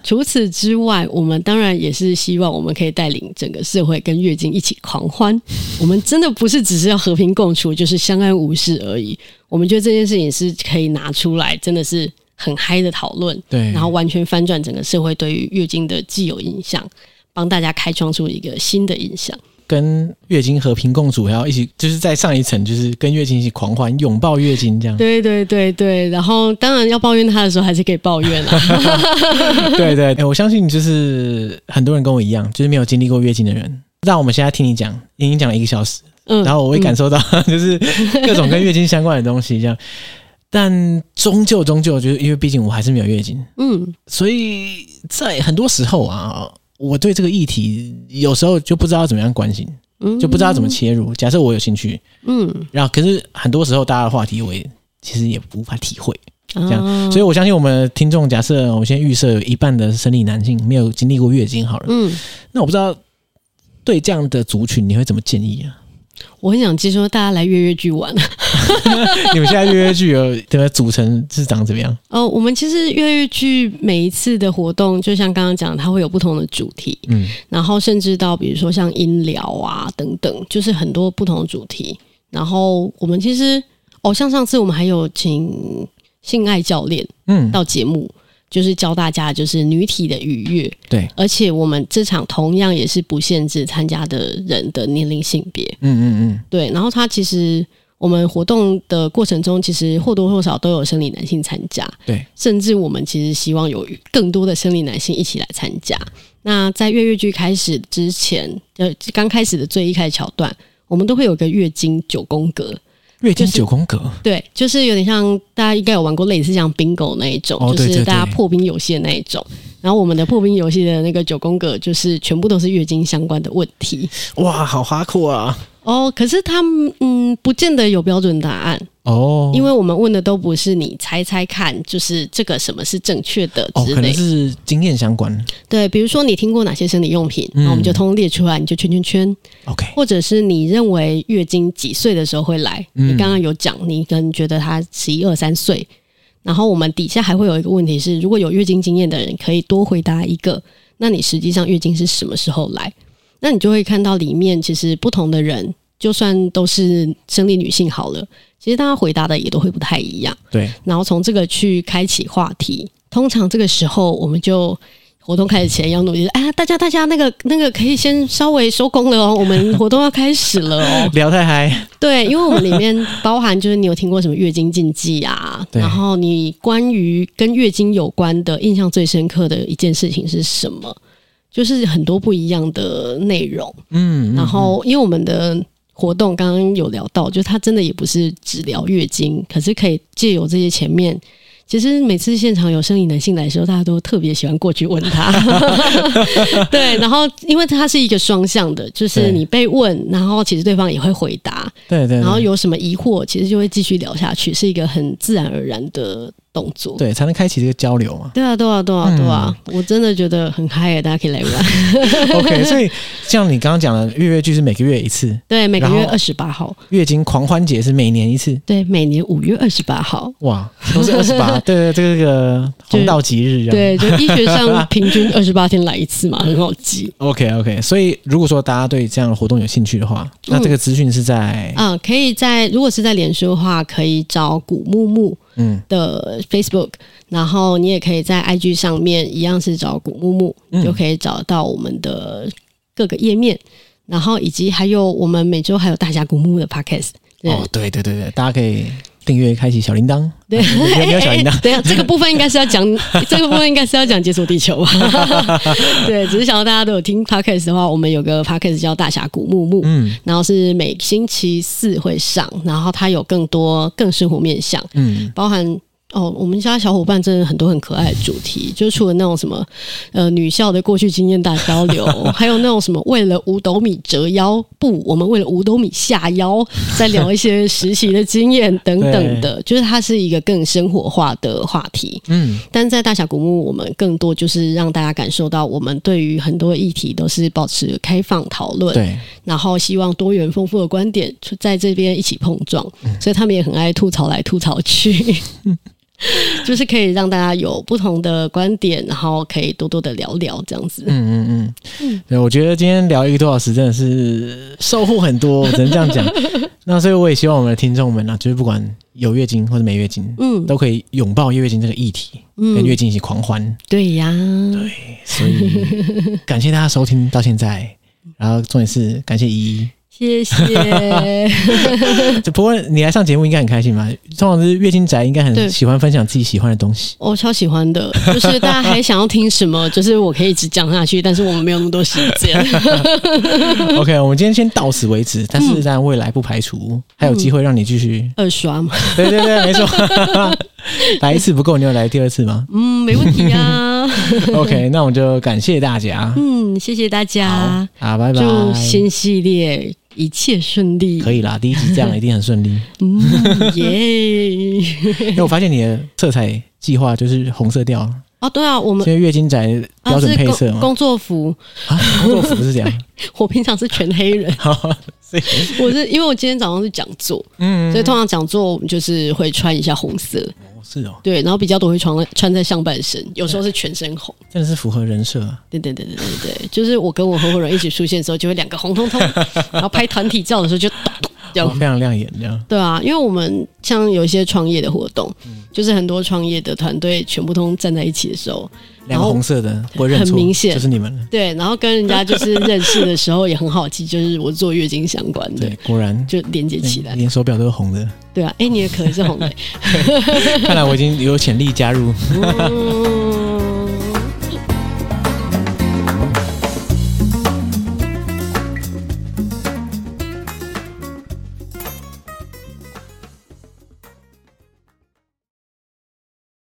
除此之外，我們當然也是希望我們可以帶領整個社會跟月經一起狂歡。 我們真的不是只是要和平共處，就是相安無事而已。我們覺得這件事情是可以拿出來，真的是很嗨的討論。對，然後完全翻轉整個社會對於月經的既有印象，幫大家開創出一個新的印象。跟月經和平共處，然後一起就是在上一層，就是跟月經一起狂歡，擁抱月經這樣。對對對對，然後當然要抱怨他的時候，還是可以抱怨的、啊。 對對、欸，我相信就是很多人跟我一樣，就是沒有經歷過月經的人，讓我們現在聽你講，已經講了一個小時，嗯、然後我會感受到、嗯、 就是各種跟月經相關的東西這樣。但終究終究，就是因為畢竟我還是沒有月經，嗯，所以在很多時候啊。我對這個議題有時候就不知道怎麼樣關心，嗯、就不知道怎麼切入。假設我有興趣，嗯，然後可是很多時候大家的話題我也其實也無法體會，這樣。哦、所以我相信我們聽眾，假設我們先預設有一半的生理男性沒有經歷過月經，好了，嗯，那我不知道對這樣的族群你會怎麼建議啊？我很想說，大家來月月聚玩。 你們現在月月聚有的組成是長怎麼樣？呃、哦、我們其實月月聚每一次的活動，就像剛剛講的，它會有不同的主題。嗯，然後甚至到比如說像音療啊等等，就是很多不同的主題。然後我們其實，哦，像上次我們還有請性愛教練，嗯，到節目。就是教大家就是女體的愉悅，對，而且我們這場同樣也是不限制參加的人的年齡性別，嗯嗯嗯，對。然後它其實我們活動的過程中，其實或多或少都有生理男性參加，對，甚至我們其實希望有更多的生理男性一起來參加。那在月月劇開始之前，呃，剛開始的最一開始橋段，我們都會有個月經九宮格。月經九宮格，就是，對，就是有點像大家應該有玩過類似像 bingo 那一種，哦、對對對，就是大家破冰遊戲的那一種。然後我們的破冰遊戲的那個九宮格，就是全部都是月經相關的問題。哇，好花酷啊！哦，可是他們嗯，不見得有標準答案哦，因為我們問的都不是你猜猜看，就是這個什麼是正確的之類，哦、可能是經驗相關的。對，比如說你聽過哪些生理用品，那、嗯、我們就通通列出來，你就圈圈圈。OK，或者是你認為月經幾歲的時候會來？嗯、你剛剛有講，你可能覺得他十一二三歲。然後我們底下還會有一個問題是，如果有月經經驗的人，可以多回答一個。那你實際上月經是什麼時候來？那你就會看到裡面其實不同的人，就算都是生理女性好了，其實大家回答的也都會不太一樣。對，然後從這個去開啟話題，通常這個時候我們就活動開始前要努力，哎，大家大家那個那個可以先稍微收工了哦，我們活動要開始了哦， 聊太嗨。對，因為我們裡面包含就是你有聽過什麼月經禁忌啊？對然後你關於跟月經有關的印象最深刻的一件事情是什麼？就是很多不一樣的內容，嗯，然後因為我們的活動剛剛有聊到，就是他真的也不是只聊月經，可是可以借由這些前面，其實每次現場有生理男性來的時候，大家都特別喜歡過去問他， 對，然後因為他是一個雙向的，就是你被問，對然後其實對方也會回答，對，對對，然後有什麼疑惑，其實就會繼續聊下去，是一個很自然而然的。動作，對，才能開啟這個交流嘛。對啊，對啊，對啊，對啊！我真的覺得很嗨耶，大家可以來玩。OK，所以像你剛剛講的，月月劇是每個月一次，對，每個月二十八號。月經狂歡節是每年一次，對，每年五月二十八號。哇，都是二十八，對對，這個黃道吉日，對，就醫學上平均二十八天來一次嘛，很好記。OK，OK，所以如果說大家對這樣的活動有興趣的話，那這個資訊是在啊，可以在，如果是在臉書的話，可以找古木木。嗯，的 Facebook，然後你也可以在 IG 上面一樣是找古木木，嗯，就可以找到我們的各個頁面，然後以及還有我們每周還有大家古木木的 Podcast。哦，對對對對，大家可以。訂閱開啟小鈴鐺，對、啊，沒有欸欸小鈴鐺。等一下，這個部分應該是要講， 這個部分應該是要講《解鎖地球》吧？ 對，只是想到大家都有聽 podcast 的話，我們有個 podcast 叫《大峽谷木木》，嗯，然後是每星期四會上，然後它有更多更生活面向，嗯，包含。哦，我們家小伙伴真的很多很可愛的主題，就是除了那種什麼，呃，女校的過去經驗大交流， 還有那種什麼為了五斗米折腰，不，我們為了五斗米下腰，再聊一些實習的經驗 等等的，就是它是一個更生活化的話題。嗯對，但在大小古墓，我們更多就是讓大家感受到我們對於很多議題都是保持開放討論，對，然後希望多元豐富的觀點在這邊一起碰撞，所以他們也很愛吐槽來吐槽去。 就是可以讓大家有不同的觀點，然後可以多多的聊聊這樣子。嗯嗯嗯，對，我覺得今天聊一個多小時真的是收穫很多，我只能這樣講。 那所以我也希望我們的聽眾們呢、啊，就是不管有月經或者沒月經，嗯，都可以擁抱月經這個議題，嗯、跟月經一起狂歡。對呀，對，所以感謝大家收聽到現在，然後重點是感謝依依。謝謝。 不過你來上節目應該很開心吧？通常是月經宅應該很喜歡分享自己喜歡的東西。我超喜歡的，就是大家還想要聽什麼，就是我可以一直講下去，但是我們沒有那麼多時間。 OK，我們今天先到此為止，但是在未來不排除、嗯、還有機會讓你繼續二刷嘛？嗯、嗎 對對對，沒錯。 來一次不夠，你有來第二次嗎？嗯，沒問題啊。 OK，那我們就感謝大家。嗯，謝謝大家。好、啊，拜拜。祝新系列一切順利。可以啦，第一集這樣一定很順利。耶！ 因為我發現你的色彩計劃就是紅色調。啊，對啊，我們因為月經宅標準配色，啊、是工作服啊，工作服是這樣。 我平常是全黑人， 是我是因為我今天早上是講座，嗯，嗯，嗯，所以通常講座我們就是會穿一下紅色，哦，是哦，對，然後比較多會穿穿在上半身，有時候是全身紅，真的是符合人設。對對對對對對，就是我跟我合夥人一起出現的時候，就會兩個紅彤彤， 然後拍團體照的時候就叮叮叮。亮亮就亮眼亮，對啊，因為我們像有一些創業的活動，嗯、就是很多創業的團隊全部都站在一起的時候，亮兩個 後紅色的，我很明顯就是你們了。對，然後跟人家就是認識的時候也很好記，就是我做月經相關的， 對，果然就連接起來，連手錶都是紅的。對啊，哎、欸，你的可能是紅的， 看來我已經有潛力加入。